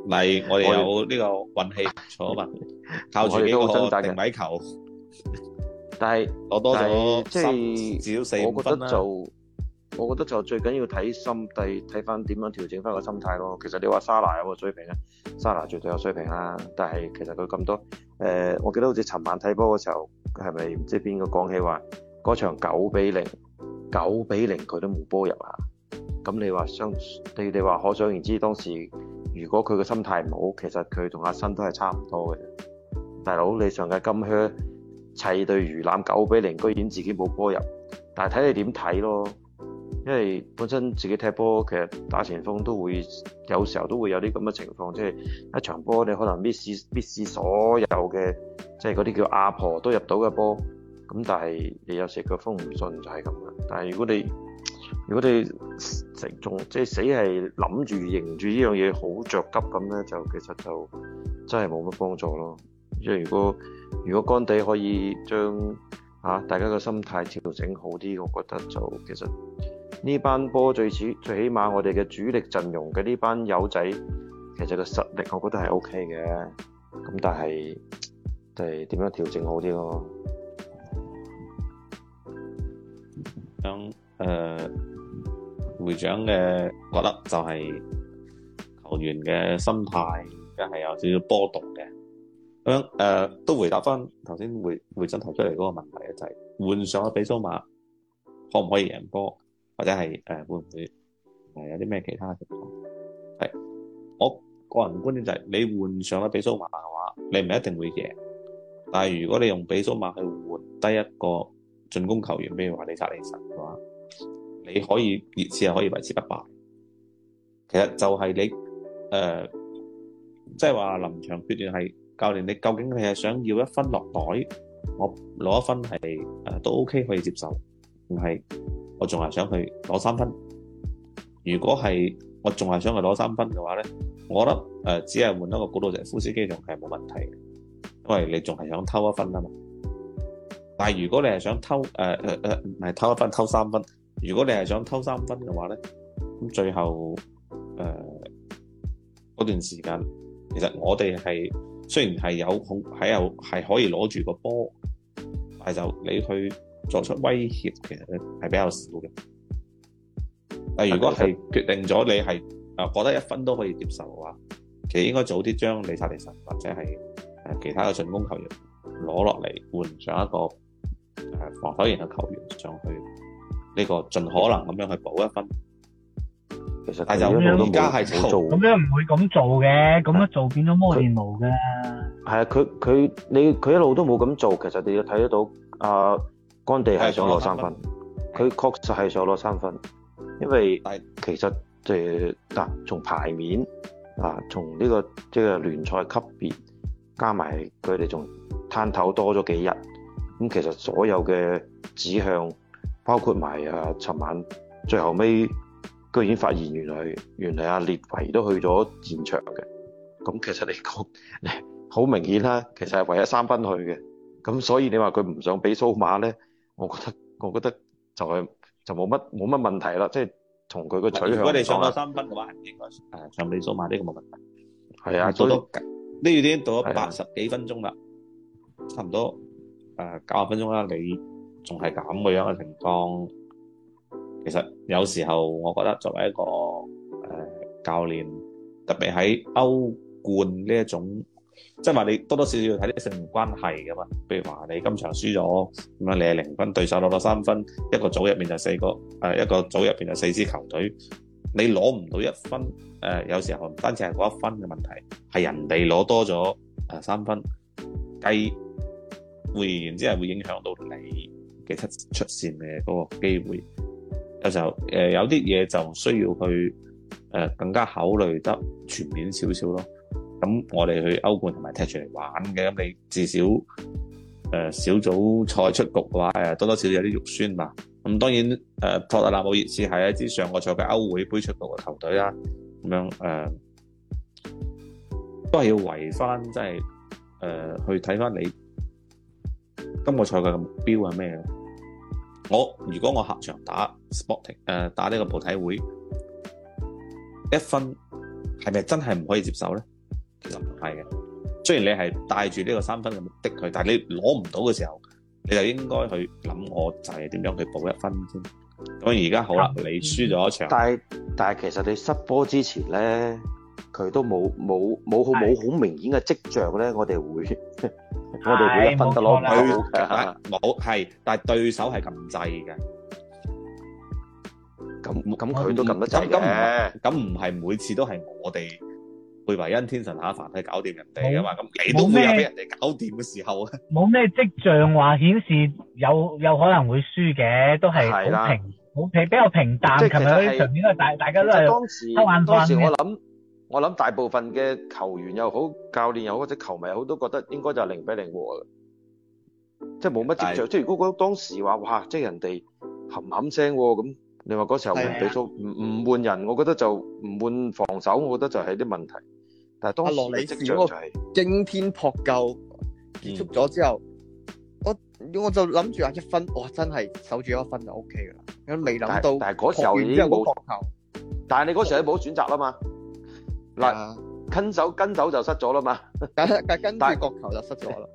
但 係我哋有呢個運氣唔錯 靠嘛。靠住呢個定位球，但係攞多咗三少四五分啦。我覺得就我覺得就最緊要睇心地，睇翻點樣調整翻個心態咯。其實你話莎拿有冇水平咧？莎 拿絕對有水平啦。但係其實佢咁多誒、呃，我記得好似尋晚睇波嘅時候，佢係咪即係邊個講起話？嗰場九比零，九比零佢都冇波入啊！咁你話相對你話可想而知。當時如果佢嘅心態唔好，其實佢同阿新都係差唔多嘅。大佬，你上嘅金靴，砌對魚腩九比零，居然自己冇波入，但係睇你點睇咯？因為本身自己踢波，其實打前鋒都會有時候都會有啲咁嘅情況，即係一場波你可能 miss miss 所有嘅，即係嗰啲叫阿婆都入到嘅波。咁但係你有時個風唔順就係咁啦。但係如果你如果你食仲即係死係諗住迎住呢樣嘢，好着急咁咧，就其實就真係冇乜幫助咯。即係如果如果乾地可以將啊大家嘅心態調整好啲，我覺得就其實呢班波最起最起碼我哋嘅主力陣容嘅呢班友仔，其實個實力我覺得係 OK 嘅。咁但係就係、是、點樣調整好啲咯？咁、嗯、誒，會、呃、長嘅覺得就係球員嘅心態，即係有少少波動嘅。咁、嗯、樣、呃、都回答翻頭先會會長提出嚟嗰個問題、就是，就係換上咗比蘇馬，可唔可以贏波？或者係誒、呃、會唔會、呃、有啲咩其他情況？係，我個人觀點就係、是、你換上咗比蘇馬嘅話，你唔一定會贏。但係如果你用比蘇馬去換低一個。進攻球員，比如話你查理神嘅話，你可以熱刺可以維持不敗。其實就係你呃即係話臨場決斷係教練，你究竟你係想要一分落袋，我攞一分係誒、呃、都 OK 可以接受，定係我仲係想去攞三分。如果係我仲係想去攞三分嘅話咧，我覺得、呃、只係換一個古道石夫斯基仲係冇問題，因為你仲係想偷一分啊嘛。但如果你係想偷，呃、唔係偷一分，偷三分。如果你係想偷三分嘅話呢，咁最後誒嗰、呃、段時間，其實我哋係雖然係有控，係有係可以攞住個波，但係就你去作出威脅，其實係比較少嘅。但係如果係決定咗你係覺得一分都可以接受嘅話，其實應該早啲將李察利臣或者係其他嘅進攻球員攞落嚟換上一個。防守型嘅球員上去呢、這個盡可能咁樣去補一分，其實但係一路都冇咁樣唔會咁做嘅，咁樣做變咗摩連奴嘅，係啊，佢佢你佢一路都冇咁做，其實你要睇得到啊，干、呃、地係想攞三分，佢確實係想攞三分，因為其實即係嗱，從牌面啊，從呢、啊這個即、這個聯賽級別，加埋佢哋仲攤頭多咗幾日。咁其實所有嘅指向，包括埋啊尋晚最後尾居然發現原來原來阿列維都去咗現場嘅。咁其實你講好明顯啦，其實係為咗三分去嘅。咁所以你話佢唔想俾蘇碼咧，我覺得我覺得就係、就冇乜冇乜問題啦。即係同佢個取向如果你上到三分嘅話，應該誒上畀蘇碼呢個冇問題。係啊，到呢段已經到咗八十幾分鐘啦，差唔多。誒九十分鐘啦，你仲係咁嘅樣嘅情況，其實有時候我覺得作為一個、呃、教練，特別喺歐冠呢一種，即係話你多多少少要睇啲成員關係嘅嘛。譬如話你今場輸咗，咁啊你係零分，對手攞到三分，一個組入面就四個、呃，一個組入面就四支球隊，你攞唔到一分、呃，有時候唔單止係嗰一分嘅問題，係人哋攞多咗三分，會然之係會影響到你嘅出出線嘅嗰個機會，有時候、呃、有啲嘢就需要去誒、呃、更加考慮得全面少少咯。咁我哋去歐冠同埋踢出嚟玩嘅，咁你至少誒、呃、小組賽出局嘅話，多多少少有啲肉酸嘛。咁當然誒、呃、托特納姆熱刺係一支上個賽季歐會杯出局嘅球隊啦、啊，咁樣誒、呃、都係要圍翻即係誒去睇翻你。今個賽季嘅目標係咩？我如果我客場打 Sporting 誒、呃，打呢個葡體會一分係咪真係唔可以接受咧？其實唔係嘅，雖然你係帶住呢個三分嘅目的去，但係你攞唔到嘅時候，你就應該去諗我就係點樣去補一分先。咁而家好啦，你輸咗一場，嗯、但係但係其實你失波之前咧。佢都冇冇冇好冇好明顯嘅跡象咧，我哋會我哋會一分得攞佢冇係，但係對手係咁滯嘅。咁咁佢都咁得滯嘅。咁唔係每次都係我哋會懷恩天神下凡去搞掂人哋啊嘛。咁你都有俾人哋搞掂嘅時候啊？冇咩跡象話顯示有有可能會輸嘅，都係好平好平，比較平淡。即係其實係前面都大大家都係黑眼鏡。當時我諗。我諗大部分嘅球員又好，教練又好，或者球迷又好，都覺得應該就係零比零和噶啦，即係冇乜跡象。即係如果嗰當時話哇，即係人哋冚冚聲咁，你話嗰時候人哋輸唔唔換人，我覺得就唔換防守，我覺得就係啲問題。但係阿羅李士哥羅里斯驚天撲救結束咗之後，我我就諗住啊一分，哇真係守住一分就 O K 噶啦。咁未諗到，但係嗰時候已經冇撲球，但係你嗰時候你冇得選擇啦嘛。嗱，跟手跟手就失咗啦嘛，但係但係跟住角球就失咗啦，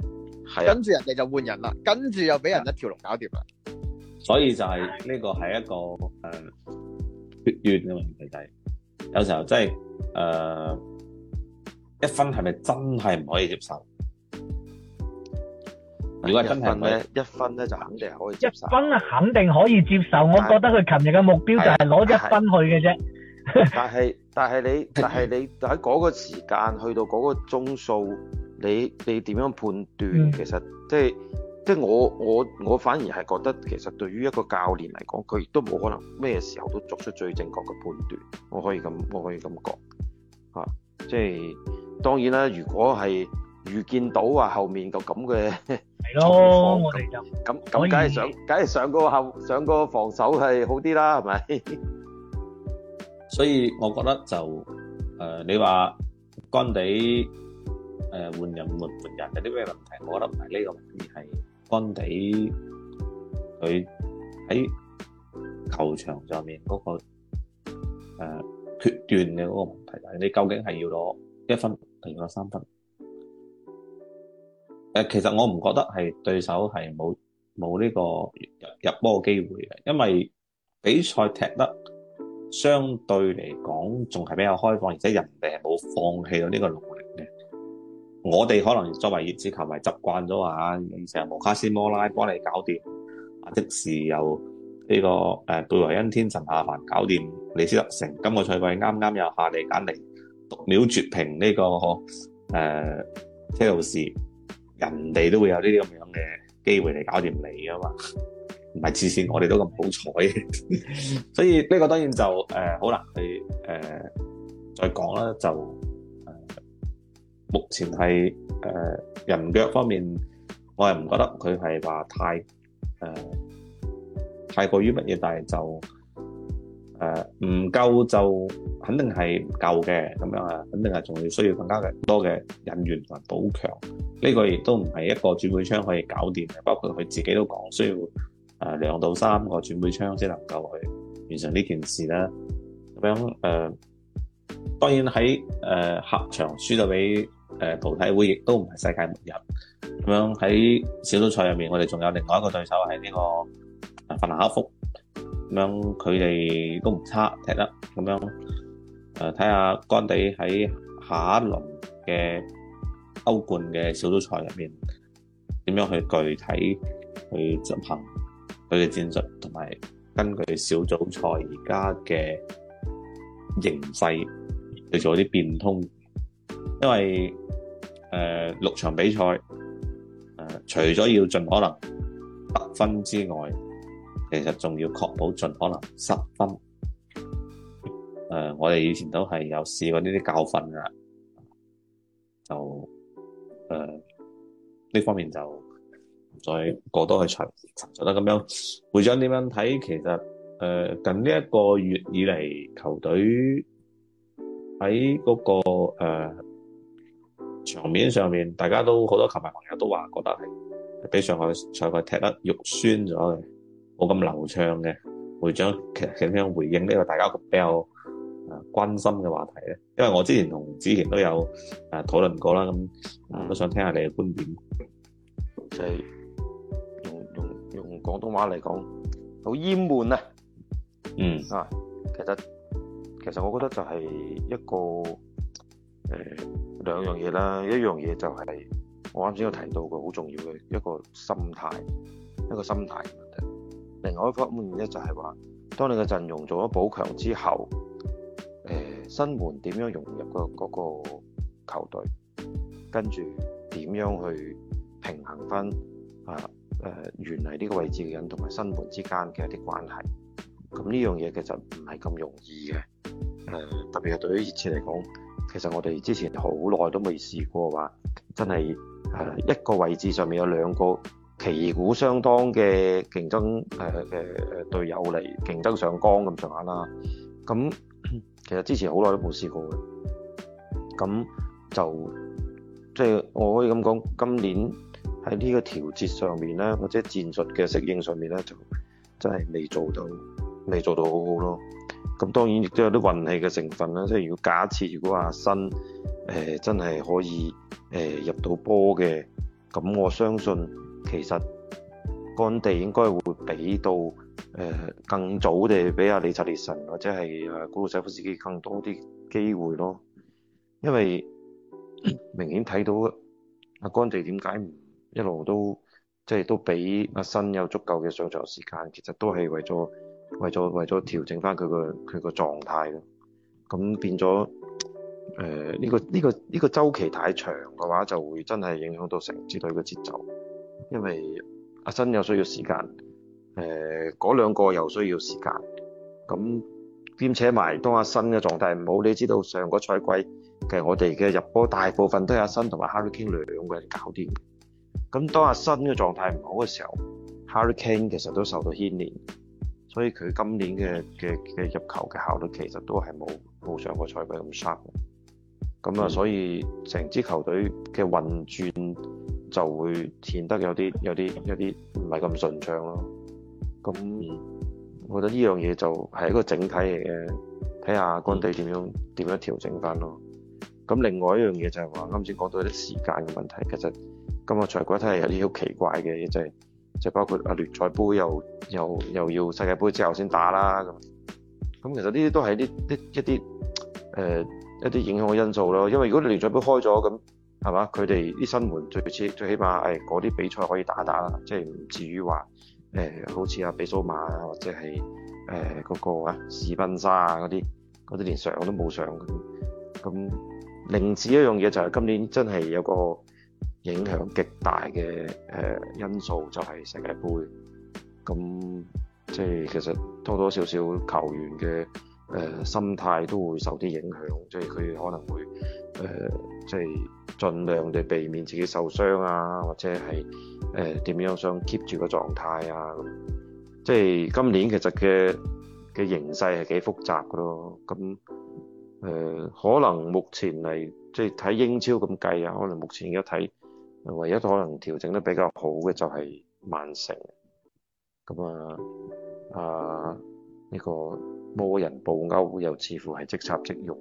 係啊，跟住人哋就換人啦，跟住又俾人一條龍搞掂啦，所以就係呢個係一個誒血緣嘅問題，就係有時候真係誒一分係咪真係唔可以接受？如果係真係咧，一分咧就肯定係可以一分啊，肯定可以接受。我覺得佢琴日嘅目標就係攞一分去嘅啫。 但係，但係你，但係你喺嗰個時間去到嗰個鐘數，你你點樣判斷、嗯？其實即係，即係我我我反而係覺得，其實對於一個教練嚟講，佢亦都冇可能咩時候都作出最正確嘅判斷。我可以咁，我可以咁講，吓、啊，即係當然啦。如果係遇見到話後面個咁嘅係咯，我哋就咁咁，梗係想梗係上個後上個防守係好啲啦，係咪？所以，我覺得就誒、呃，你話干地誒、呃、換人換人有啲咩問題？我覺得唔係呢個問題，係干地佢喺球場上面嗰、那個誒、呃、決斷嘅嗰個問題。但你究竟係要攞一分定要攞三分、呃？其實我唔覺得係對手係冇冇呢個入入波機會嘅，因為比賽踢得。相對嚟講，仲係比較開放，而且人哋係冇放棄到呢個努力嘅。我哋可能作為熱刺球迷，習慣咗話，成日無卡斯摩拉幫你搞掂，即時有呢個誒貝維恩天神下凡搞掂，里斯特城今個賽季啱啱又下嚟揀嚟，讀秒絕平呢、這個誒、呃、車路士，人哋都會有呢啲咁樣嘅機會嚟搞掂你啊嘛～唔係次次，我哋都咁好彩， 所以呢個當然就誒、呃、好難去誒再講啦。呃、就、呃、目前係誒、呃、人腳方面，我係唔覺得佢係話太誒、呃、太過於乜嘢，但係就誒唔、呃、夠就肯定係唔夠嘅咁樣啊，肯定係仲要需要更加嘅多嘅人員同埋補強。呢、這個亦都唔係一個轉會窗可以搞掂嘅，包括佢自己都講需要。誒兩到三個轉會窗先能夠去完成呢件事啦。咁樣誒、呃，當然喺誒客場輸咗俾誒葡體會，亦都唔係世界末日。咁樣喺小組賽入面，我哋仲有另外一個對手喺呢個法蘭克福，咁樣佢哋都唔差，踢得咁樣。誒睇下干地喺下一輪嘅歐冠嘅小組賽入面點樣去具體去執行。佢嘅戰術同埋根據小組賽而家嘅形勢嚟做啲變通，因為誒六、呃、場比賽誒、呃、除咗要盡可能得分之外，其實仲要確保盡可能失分。誒、呃，我哋以前都係有試過呢啲教訓㗎，就誒呢、呃、方面就。再過多去巡巡就咁樣。會長點樣睇？其實誒、呃，近呢一個月以嚟、那個，球隊喺嗰個誒場面上面，大家都好多球迷朋友都話覺得係比上個賽季踢得肉酸咗嘅，冇咁流暢嘅。會長其實點樣回應呢個大家個比較誒關心嘅話題咧？因為我之前同子賢都有誒討論過啦，咁都想聽下你嘅觀點。就係。廣東話嚟講，好厭悶啊！嗯啊，其實其實我覺得就係一個誒、呃、兩樣嘢啦、嗯，一樣嘢就係我啱先有提到個好重要嘅一、嗯、一個心態，一個心態嘅問題，另外一方面咧，就係話，當你嘅陣容做咗補強之後，誒新援點樣融入嗰、嗰個嗰個球隊，跟住點樣去平衡翻啊？誒、呃，原嚟呢個位置嘅人同埋新盤之間嘅一啲關係，咁呢樣嘢其實唔係咁容易嘅。誒、呃，特別係對於熱刺嚟講，其實我哋之前好耐都未試過話，真係誒、呃、一個位置上面有兩個旗鼓相當嘅競爭誒誒誒隊友嚟競爭上崗咁上下啦。咁其實之前好耐都冇試過嘅。咁就即係、就是、我可以咁講，今年。喺呢個調節上面咧，或者戰術嘅適應上面咧，就真係未做到，未做到好好咯。咁當然亦都有啲運氣嘅成分啦。即係如果假設如果阿新誒、呃、真係可以誒、呃、入到波嘅，咁我相信其實干地應該會俾到誒、呃、更早地俾阿李澤列神或者係阿古魯西夫斯基更多啲機會咯，因為、呃、明顯睇到阿干地點解唔一路都即係都俾阿新有足夠嘅上場時間，其實都係為咗為咗為咗調整翻佢個佢個狀態咯。咁變咗誒呢個呢個呢個週期太長嘅話，就會真係影響到成支隊嘅節奏，因為阿新又需要時間，誒、呃、嗰兩個又需要時間。咁兼且埋當阿新嘅狀態唔好，你知道上個賽季其實我哋嘅入波大部分都係阿新同埋 Harry Kane 兩個人搞掂。咁當阿新嘅狀態唔好嘅時候，Harry Kane 其實都受到牽連，所以佢今年嘅嘅嘅入球嘅效率其實都係冇冇上個賽季咁 sharp 咁啊，所以成支球隊嘅運轉就會顯得有啲有啲有啲唔係咁順暢咯。咁我覺得呢樣嘢就係一個整體嚟嘅，睇下干地點樣點、嗯、樣調整翻咯。咁另外一樣嘢就係話啱先講到一啲時間嘅問題，其實今日賽果都係有啲好奇怪嘅嘢就係就包括阿聯賽杯又又又要世界盃之後先打啦。咁咁其實呢啲都係呢呢一啲誒一啲、呃、影響嘅因素咯。因為如果你聯賽杯開咗，咁係嘛佢哋啲新援最最起碼誒嗰啲比賽可以打打啦，即係唔至於話誒、哎、好似阿、啊、比蘇馬或者係誒嗰個啊史賓沙啊嗰啲嗰啲連上都冇上。咁另至一樣嘢就係今年真係有個。影響極大嘅誒、呃、因素就係世界杯，咁即係其實多多少少球員嘅誒、呃、心態都會受啲影響，即係佢可能會誒、呃、即係盡量地避免自己受傷啊，或者係誒點樣想 keep 住個狀態啊，咁即係今年其實嘅嘅形勢係幾複雜噶咯，咁誒可能目前嚟即係睇英超咁計啊，可能目前而家睇。唯一可能調整得比較好嘅就係曼城，咁啊啊呢個魔人布歐又似乎係即插即用，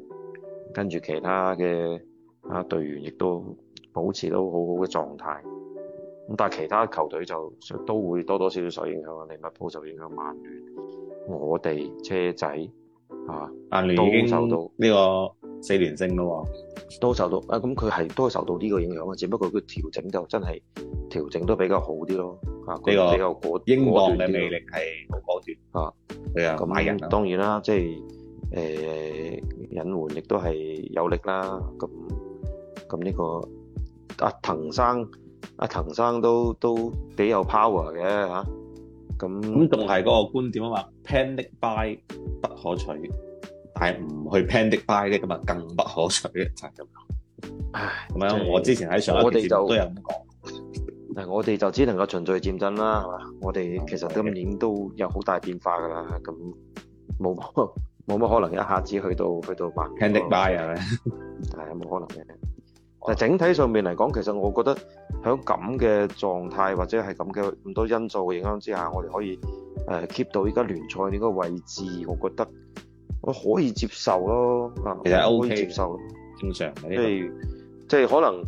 跟住其他嘅啊隊員亦都保持到好好嘅狀態，咁但係其他球隊就都會多多少少受影響，利物浦就影響曼聯，我哋車仔啊阿利已經受到呢個四連勝咯。都受到啊，咁佢係都係受到呢個影響啊，只不過佢調整就真係調整都比較好啲咯。英國的的的是很，啊，比較比英嗰嘅魅力係好過段啊，咁當然啦，即係隱瞞亦都係有力啦，咁咁呢個阿滕生阿滕生都都幾有 power 嘅嚇，咁咁仲係嗰個觀點啊嘛，panic buy 不可取。但係唔去 panic buy 咧咁啊，更不可取，就係、是、咁。唉，咁啊，我之前喺上一節都有咁講。嗱，我哋就只能夠循序漸進啦，係嘛？我哋其實今年都有好大變化㗎啦，咁冇冇乜可能一下子去到、yeah. 去到 panic buy 係咪？係冇可能嘅。啊、能的 但係整體上面嚟講，其實我覺得喺咁嘅狀態或者係咁嘅咁多因素嘅影響之下，我哋可以誒 keep、呃、到依家聯賽呢個位置，我覺得。我可以接受咯，其實 O K，接受正常。譬如即係可能，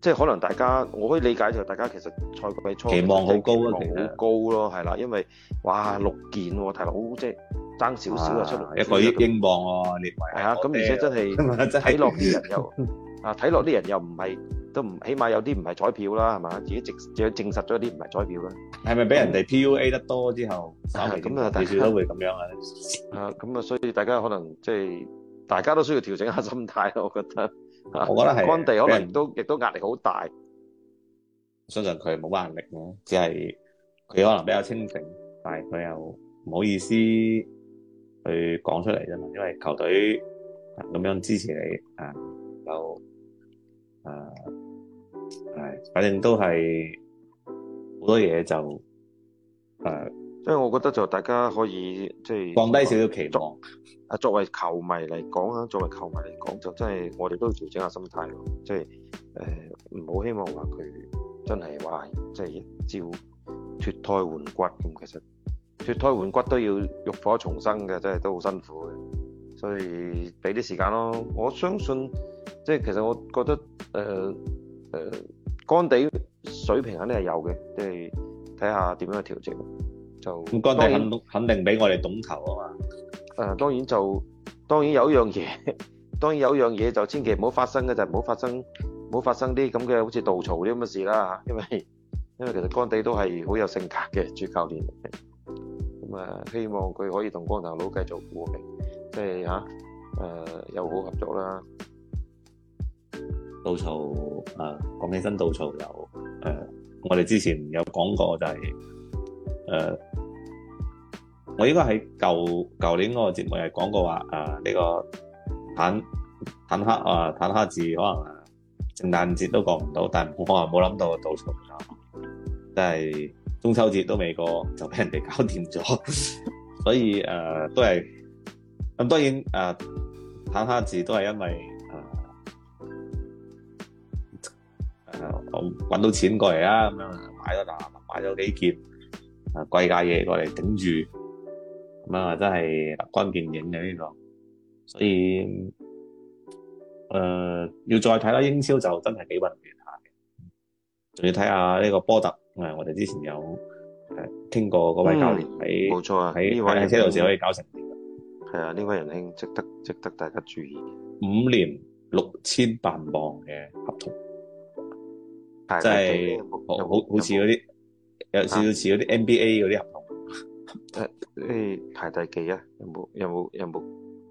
即係可能，大家我可以理解，就大家其實賽季初期望好高啊，期望好高咯，係啦，因為哇六件睇落好，即係爭少少啊，出嚟一個億英鎊喎列位，係啊，咁而且真係睇落啲人又啊，睇落啲人又唔係。都唔，起碼有啲唔係彩票啦，係嘛？自己直自己證實咗啲唔係彩票啦。係咪俾人哋 PUA 得多之後，咁、嗯、啊，啲人都會咁樣啊？啊，咁 啊，所以大家可能即係大家都需要調整下心態，我覺得。我覺得係。干地可能都亦都壓力好大，相信佢冇乜壓力嘅，只係佢可能比較清醒，但係佢又唔好意思去講出嚟啫嘛，因為球隊咁樣支持你啊，就誒。啊係，反正都係好多嘢，就誒，即係我覺得就大家可以即係放低少少期待。啊，作為球迷嚟講啦，作為球迷嚟講，就真係我哋都要調整下心態咯，即係誒，唔好希望話佢真係話即係照脫胎換骨咁。其實脫胎換骨都要浴火重生嘅，真係都好辛苦嘅。所以俾啲時間咯，我相信即係其實我覺得誒。呃誒、呃，干地水平肯定係有嘅，即係睇下點樣去調整，就干地肯肯定俾我哋懂球啊嘛。誒、呃，當然就當然有一樣嘢，當然有一樣嘢就千祈唔好發生嘅就唔好發生，唔好發生啲咁嘅好似杜曹啲咁嘅事啦。因為因為其實干地都係好有性格嘅主教練，咁、嗯、啊、呃、希望佢可以同光頭佬繼續和平，即係吓誒又好合作啦。吐槽啊！講起身吐槽又誒、啊，我哋之前有講過就係、是、誒、啊，我應該喺舊舊年嗰個節目係講過話啊，呢、這個坦坦克啊，坦克字可能聖誕節都過唔到，但係我啊冇諗到個吐槽啊，但係中秋節都未過就俾人哋搞掂咗， 所以誒、啊、都係咁、啊，當然啊，坦克字都係因為。我搵到錢過嚟啦咁樣買咗嗱，買咗幾件啊貴價嘢過嚟頂住，咁啊真係立竿見影嘅呢個，所以誒、呃、要再睇啦。英超就真係幾混亂下嘅，仲要睇下呢個波特啊。我哋之前有聽過嗰位教練喺冇錯啊，呢位喺車路士可以搞成點，係啊，呢位仁兄值得值得大家注意。五年六千萬鎊嘅合同。即係好好似嗰啲有少少似嗰啲 NBA 嗰啲合同。誒、啊，排第幾啊？有冇有冇有冇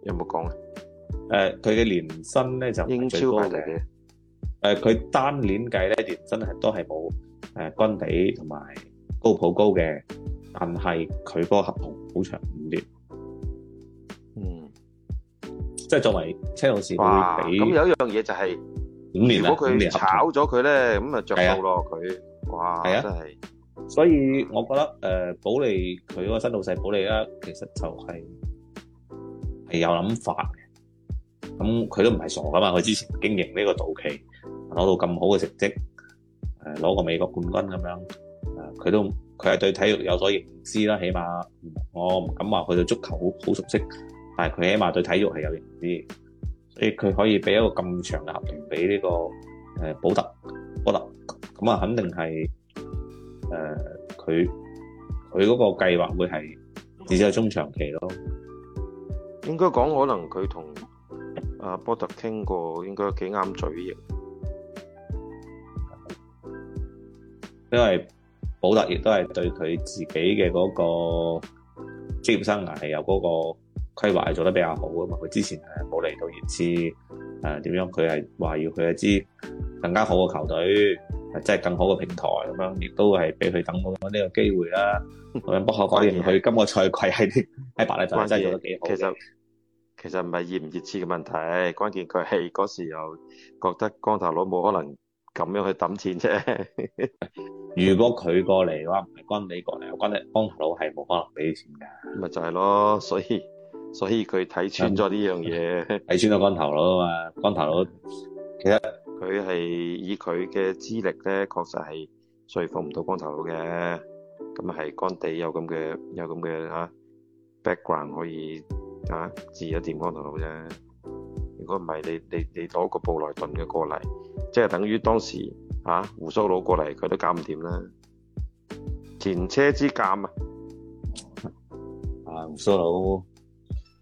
有冇講啊？誒、呃，佢嘅年薪咧就高英超嘅、啊。誒、呃，佢單年計咧，年薪係都係冇誒，軍迪同埋高普高嘅，但係佢嗰個合同好長五年。嗯。即係作為車路士會俾。哇！咁有一樣嘢就係、是。五年啊，如果佢炒咗佢咧，咁啊着數咯佢。哇！係啊，真係。所以我覺得誒、呃，保利佢嗰個新老細保利啊，其實就係、是、係有諗法嘅。咁佢都唔係傻噶嘛，佢之前經營呢個道奇攞到咁好嘅成績，誒，攞個美國冠軍咁樣。誒、呃，佢都佢係對體育有所認知啦，起碼我唔敢話佢對足球好好熟悉，但係佢起碼對體育係有認知。所以佢可以俾一個咁長嘅合同俾呢個誒保特，波特咁啊，肯定係誒佢佢嗰個計劃會係至少係中長期咯。應該講可能佢同阿波特傾過，應該幾啱嘴型。因為保特亦都係對佢自己嘅嗰個職業生涯係有嗰個規劃係做得比較好啊嘛！佢之前誒冇嚟到熱刺誒點樣，佢係話要去一支更加好嘅球隊，即係更好嘅平台咁樣，亦都係俾佢等到呢個機會啦、啊。我不可否認佢今個賽季喺喺白禮頓真係做得幾好的是。其實其實唔係熱唔熱刺嘅問題，關鍵佢係嗰時又覺得光頭佬冇可能咁樣去抌錢啫。如果佢過嚟嘅話，唔係關你過嚟，關光頭佬係冇可能俾錢㗎，咪就係、是、咯，所以。所以佢睇穿咗呢樣嘢，睇穿咗光頭佬啊，光頭佬其實佢係以佢嘅資歷咧，確實係説服唔到光頭佬嘅。咁係干地有咁嘅有咁嘅嚇 background 可以嚇、啊、治一啲光頭佬啫。如果唔係你你你攞個布萊頓嘅過嚟，即、就、係、是、等於當時嚇鬍鬚佬過嚟佢都搞唔掂啦。前車之鑑啊，係鬍鬚佬。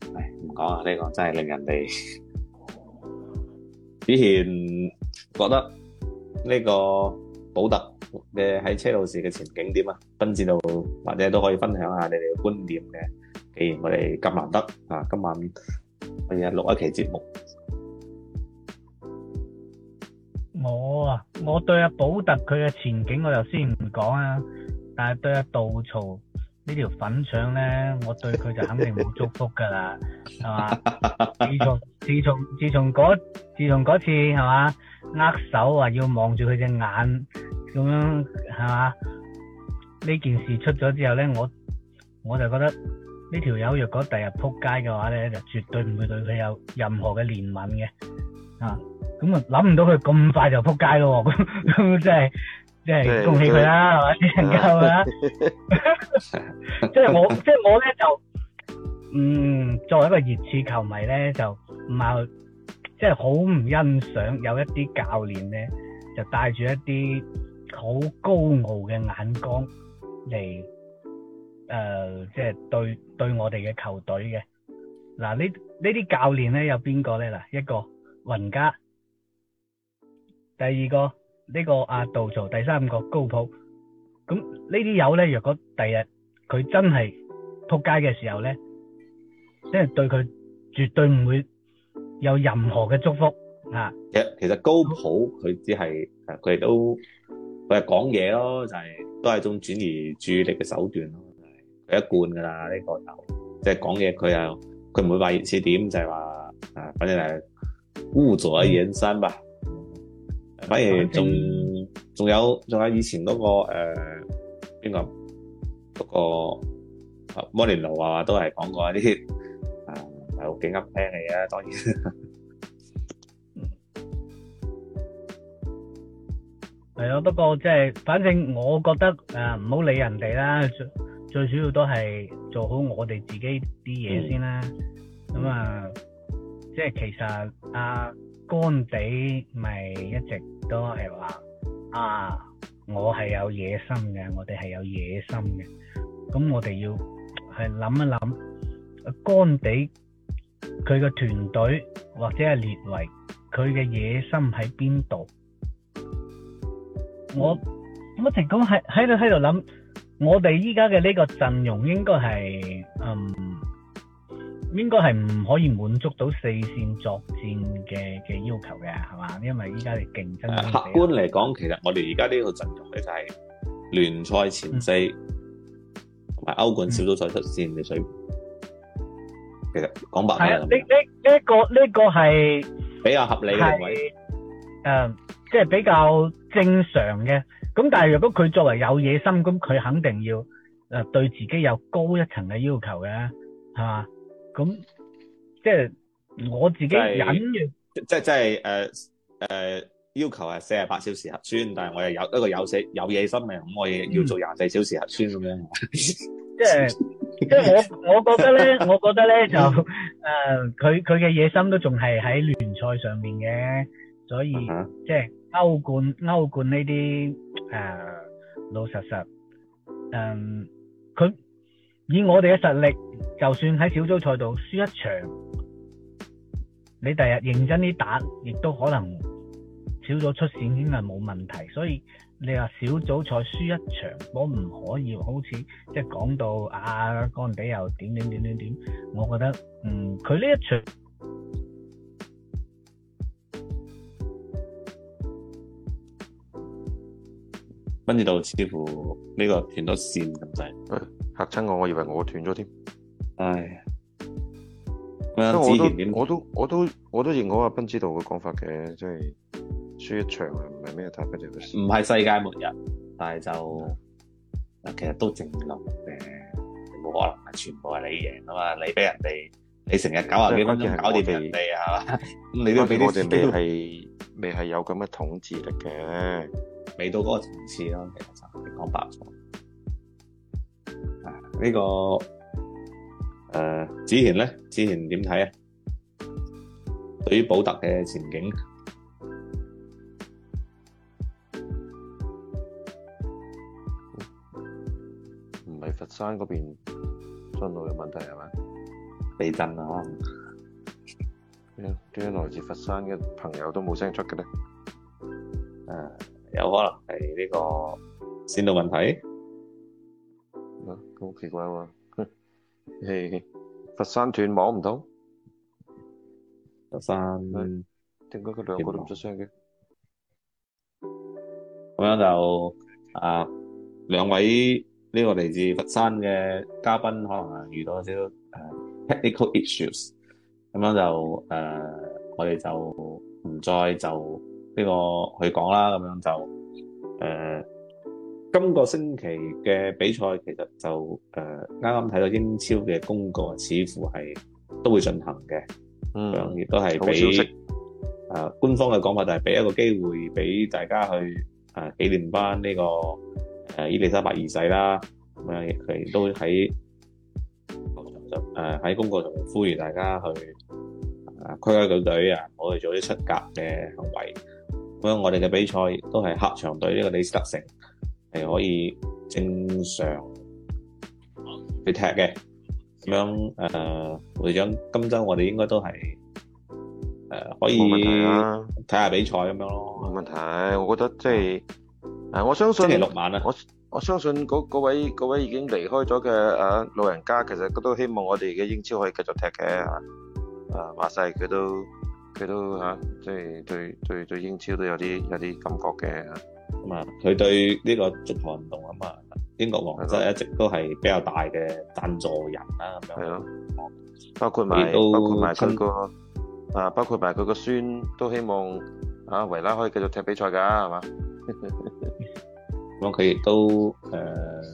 唔講啊！呢個真係令人哋，以前覺得呢個保特嘅喺車路士嘅前景點啊？斌指導，或者都可以分享下你哋嘅觀點嘅。既然我哋咁難得啊，今晚係啊錄一期節目。我啊，我對阿保特佢嘅前景我又先唔講啊，但係對阿杜曹。呢條粉腸咧，我對佢就肯定冇祝福噶啦，係 嘛？自從自從自從嗰次係嘛，握手話，要望住佢隻眼咁樣，係嘛？呢件事出咗之後咧，我我就覺得呢條友若果第日撲街嘅話咧，就絕對唔會對佢有任何嘅憐憫嘅啊！咁啊諗唔到佢咁快就撲街咯，咁真係。即係恭喜佢啦，係嘛？只能夠啦。即 係我，即係我咧就，嗯，作為一個熱刺球迷咧，就唔係，即係好唔欣賞有一啲教練咧，就帶住一啲好高傲嘅眼光嚟，誒、呃，即係對對我哋嘅球隊嘅。嗱，呢呢啲教練咧有邊個咧嗱？一個雲加，第二個，呢個阿杜做第三個高普，咁呢啲友咧，若果第日佢真係撲街嘅時候咧，即係對佢絕對唔會有任何嘅祝福啊！其實其實高普佢只係誒，佢都佢係講嘢咯，就係都係一種轉移注意力嘅手段咯，係佢一貫㗎啦。呢個就即係講嘢，佢又佢唔會話熱刺點，就係話，啊，反正係污盡而生吧。反而仲仲有仲有以前嗰、那個誒，邊、嗯呃、個嗰、那個摩連奴啊，都係講過啲啊、呃、有幾咁聽嘅嘢啊，當然係咯、嗯。 不過即、就、係、是，反正我覺得誒，唔、呃、好理人哋啦。最最主要都係做好我哋自己啲嘢先啦。咁、嗯嗯嗯、啊，即係其實啊。干地咪一直都係話啊，我係有野心嘅，我哋係有野心嘅，咁我哋要係諗一諗，干地佢嘅團隊或者係列為佢嘅野心喺邊度？我一直咁喺喺度喺度諗，我哋依家嘅呢個陣容應該係嗯。應該係唔可以滿足到四線作戰嘅嘅要求嘅，係嘛？因為依家競爭客觀嚟講，其實我哋而家呢個陣容嘅就係聯賽前四同埋歐冠小組賽出線嘅水平。其實講白係呢呢呢個呢個係比較合理嘅位，誒，即係比較正常嘅。咁但係若果佢作為有野心，咁佢肯定要誒對自己有高一層嘅要求嘅，係嘛？咁即係我自己忍，即係即係誒誒，要求係四十八小時核酸，但係我又有一個有食有野心嘅，咁、嗯、我要做廿四小時核酸咁樣。即係 即係我我覺得咧，我覺得咧就誒，佢佢嘅野心都仲係喺聯賽上面嘅，所以、uh -huh. 即係歐冠歐冠呢啲誒老實實，嗯、呃、佢。以我哋嘅實力，就算喺小組賽度輸一場，你第日認真啲打，亦都可能小組出線，已經係冇問題。所以你話小組賽輸一場，我唔可以好似即係講到啊，乾地又點點點點點，我覺得嗯，佢呢一場。斌指導似乎呢個斷咗線咁滯，吓、哎、親我，我以為我斷咗添。唉，我都我都我都我都，我都認同阿斌指導嘅講法嘅，即係輸一場唔係咩大不了事。唔係世界末日，但係就其實都正路嘅，冇可能係全部係你贏啊嘛，你俾人哋，你成日九十幾分鐘搞掂人哋係嘛，我哋未係未係有咁嘅統治力嘅。未到嗰個層次咯，其實講白咗，誒、啊這個呃、呢個誒子賢咧，子賢點睇啊？對於寶特嘅前景，唔係佛山嗰邊進路嘅問題係咪？地震啊！點點來自佛山嘅朋友都冇聲出嘅呢？誒、呃。有可能係呢個線路問題，咁奇怪喎。係佛山斷網唔通，佛山點解佢兩個都唔出聲嘅？咁樣就啊，兩位呢個嚟自佛山嘅嘉賓可能遇到少少誒 technical issues，咁樣就誒，我哋就唔再就。呢、這個去講啦，咁樣就誒、呃，今個星期嘅比賽其實就誒，啱啱睇到英超嘅公告，似乎係都會進行嘅，嗯，亦都係俾誒官方嘅講法，就係俾一個機會俾大家去誒紀、呃、念翻呢、這個誒、呃、伊利莎白二世啦，咁樣亦都喺球場就誒喺公告同呼籲大家去啊規規矩矩啊，我哋做啲出格嘅行為。咁樣我哋嘅比賽都係客場對呢個李斯特城係可以正常去踢嘅，咁樣誒、呃，會長今周我哋應該都係、呃、可以睇下、啊、比賽咁樣咯。冇問題，我覺得即、就、係、是、我相信星期六晚我我相信嗰嗰位嗰位已經離開咗嘅老人家，其實佢都希望我哋嘅英超可以繼續踢嘅，誒、啊、話晒佢都。佢都嚇，即係對對對英超都有啲有啲感覺嘅嚇。咁啊，佢對呢個足球運動啊嘛，英國王室一直都係比較大嘅贊助人啦。係咯，包括埋包括埋佢個啊，包括埋佢個孫都希望啊維拉可以繼續踢比賽㗎，係嘛？咁佢亦都誒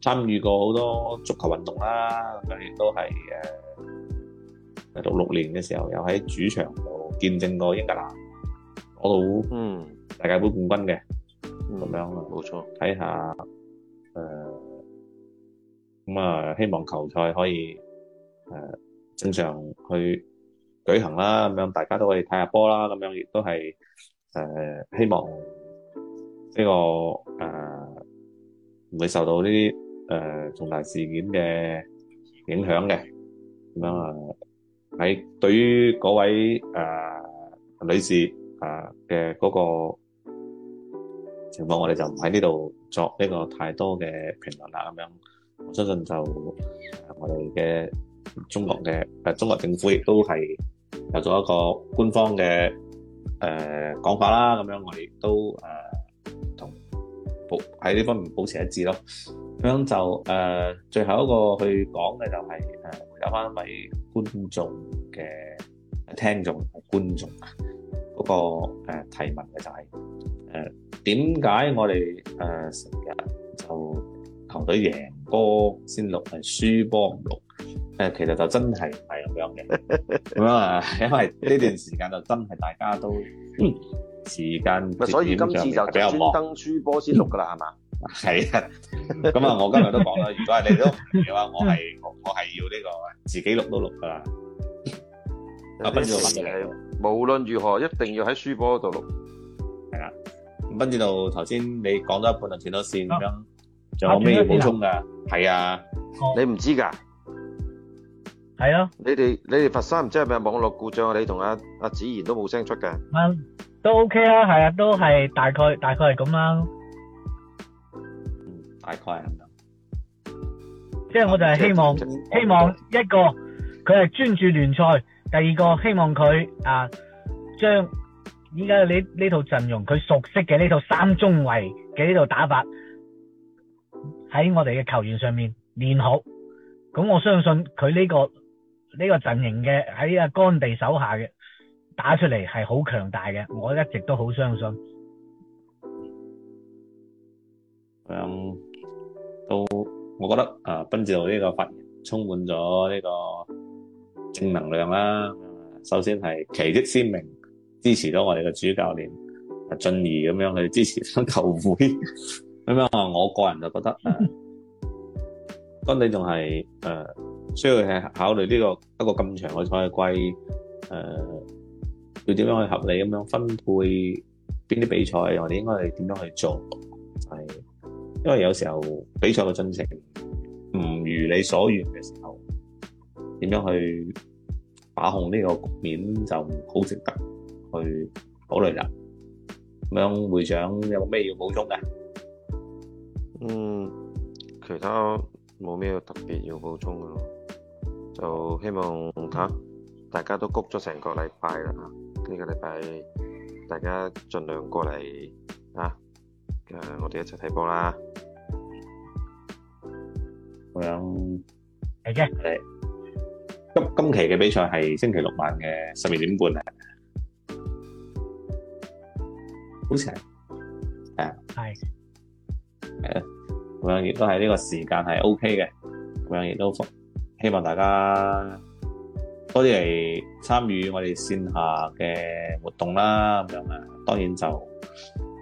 參與過好多足球運動啦，咁樣亦都係誒。喺六六年嘅時候，又喺主場度見證過英格蘭攞到嗯世界盃冠軍嘅咁樣啊，冇錯睇下誒咁啊，希望球賽可以誒正常去舉行啦。咁樣大家都可以睇下波啦。咁樣亦都係誒希望呢個誒唔會受到呢啲誒重大事件嘅影響嘅咁樣啊。喺對於嗰位誒、呃、女士誒嘅嗰個情況，我哋就唔喺呢度作呢個太多嘅評論啦。咁樣我相信就我哋嘅中國嘅、呃、中國政府亦都係有咗一個官方嘅誒講法啦。咁、呃、樣我哋都誒、呃、同保喺呢方面保持一致咯。咁樣就誒、呃、最後一個去講嘅就係、是、誒、呃、回翻嚟。觀眾嘅聽眾，觀眾嗰、那個誒、呃、提問嘅就係誒點解我哋誒成日就球隊贏波先錄，係輸波唔錄？誒、呃、其實就真係係咁樣嘅咁啊， 因為呢段時間就真係大家都時間，所以今次就專登輸波先錄噶啦，係嘛？係啊，咁、 這個、啊，啊，啊，我今日都講啦。如果係你都唔明嘅話，我係我我係要呢個自己錄都錄噶啦。阿斌指導，無論如何一定要喺書波度錄。係啊，跟住到，頭先你講咗一半就斷咗線咁，仲有咩補充㗎？係啊，你唔知噶？係啊。你哋你哋佛山唔知係咪網絡故障啊？你同阿阿子賢都冇聲出噶。都 OK 啦、啊，係啊，都係大概大概係咁啦。大概即係我就係希望，希望一個佢係專注聯賽，第二個希望佢啊將依家呢呢套陣容，佢熟悉嘅呢套三中衛嘅呢套打法，喺我哋嘅球員上面練好，咁我相信佢呢、這個呢、這個陣營嘅喺阿干地手下嘅打出嚟係好強大嘅，我一直都好相信。嗯都，我覺得啊，斌指導呢個發言充滿咗呢個正能量啦。首先係旗幟鮮明，支持咗我哋嘅主教練進而咁樣去支持球會。咁樣我個人就覺得，啊， 當你仲係誒需要係考慮呢、這個一個咁長嘅賽季，誒、啊、要點樣去合理咁樣分配邊啲比賽，我哋應該係點樣去做係。因為有時候比賽的進程唔如你所願的時候，點樣去把控這個局面就好值得去考慮啦。咁樣會長有冇咩要補充嘅？嗯，其他冇咩特別要補充嘅咯。就希望睇，大家都谷咗成個禮拜啦。呢、這個禮拜大家盡量過來啊！我哋一起睇波啦！咁樣係嘅。今期嘅比賽係星期六晚嘅十二點半好長，係啊，係，係啊，咁樣亦都係呢個時間係 OK 嘅，咁樣亦都希望大家多啲來參與我哋線下嘅活動啦，咁樣啊，當然就、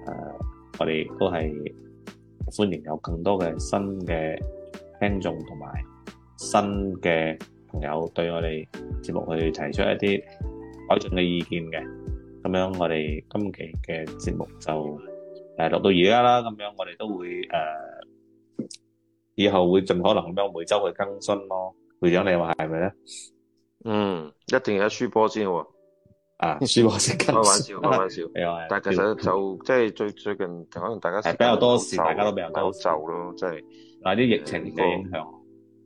呃我哋都係歡迎有更多嘅新嘅聽眾同埋新嘅朋友對我哋節目去提出一啲改進嘅意見嘅，咁樣我哋今期嘅節目就誒錄到而家啦，咁樣我哋都會誒以後會盡可能咁樣每周去更新咯。會長你話係咪咧？嗯，一定要輸波先喎。啊，說話時間開玩笑，開、啊、玩笑，是是。但係其實就、嗯、即係最最近，可能大家時比較多事，大家都比較手皺咯，即係。嗱，係啲疫情嘅影響、嗯，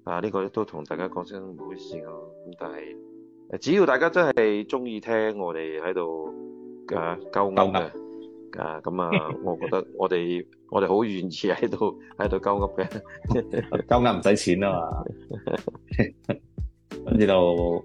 啊呢、呢個都同大家講聲唔好意思咯。咁但係，只要大家真係中意聽我哋喺度，啊溝勾勾啊咁啊，我覺得我哋 我哋好願意喺度喺度勾勾嘅，交勾唔使錢啊嘛，跟住就。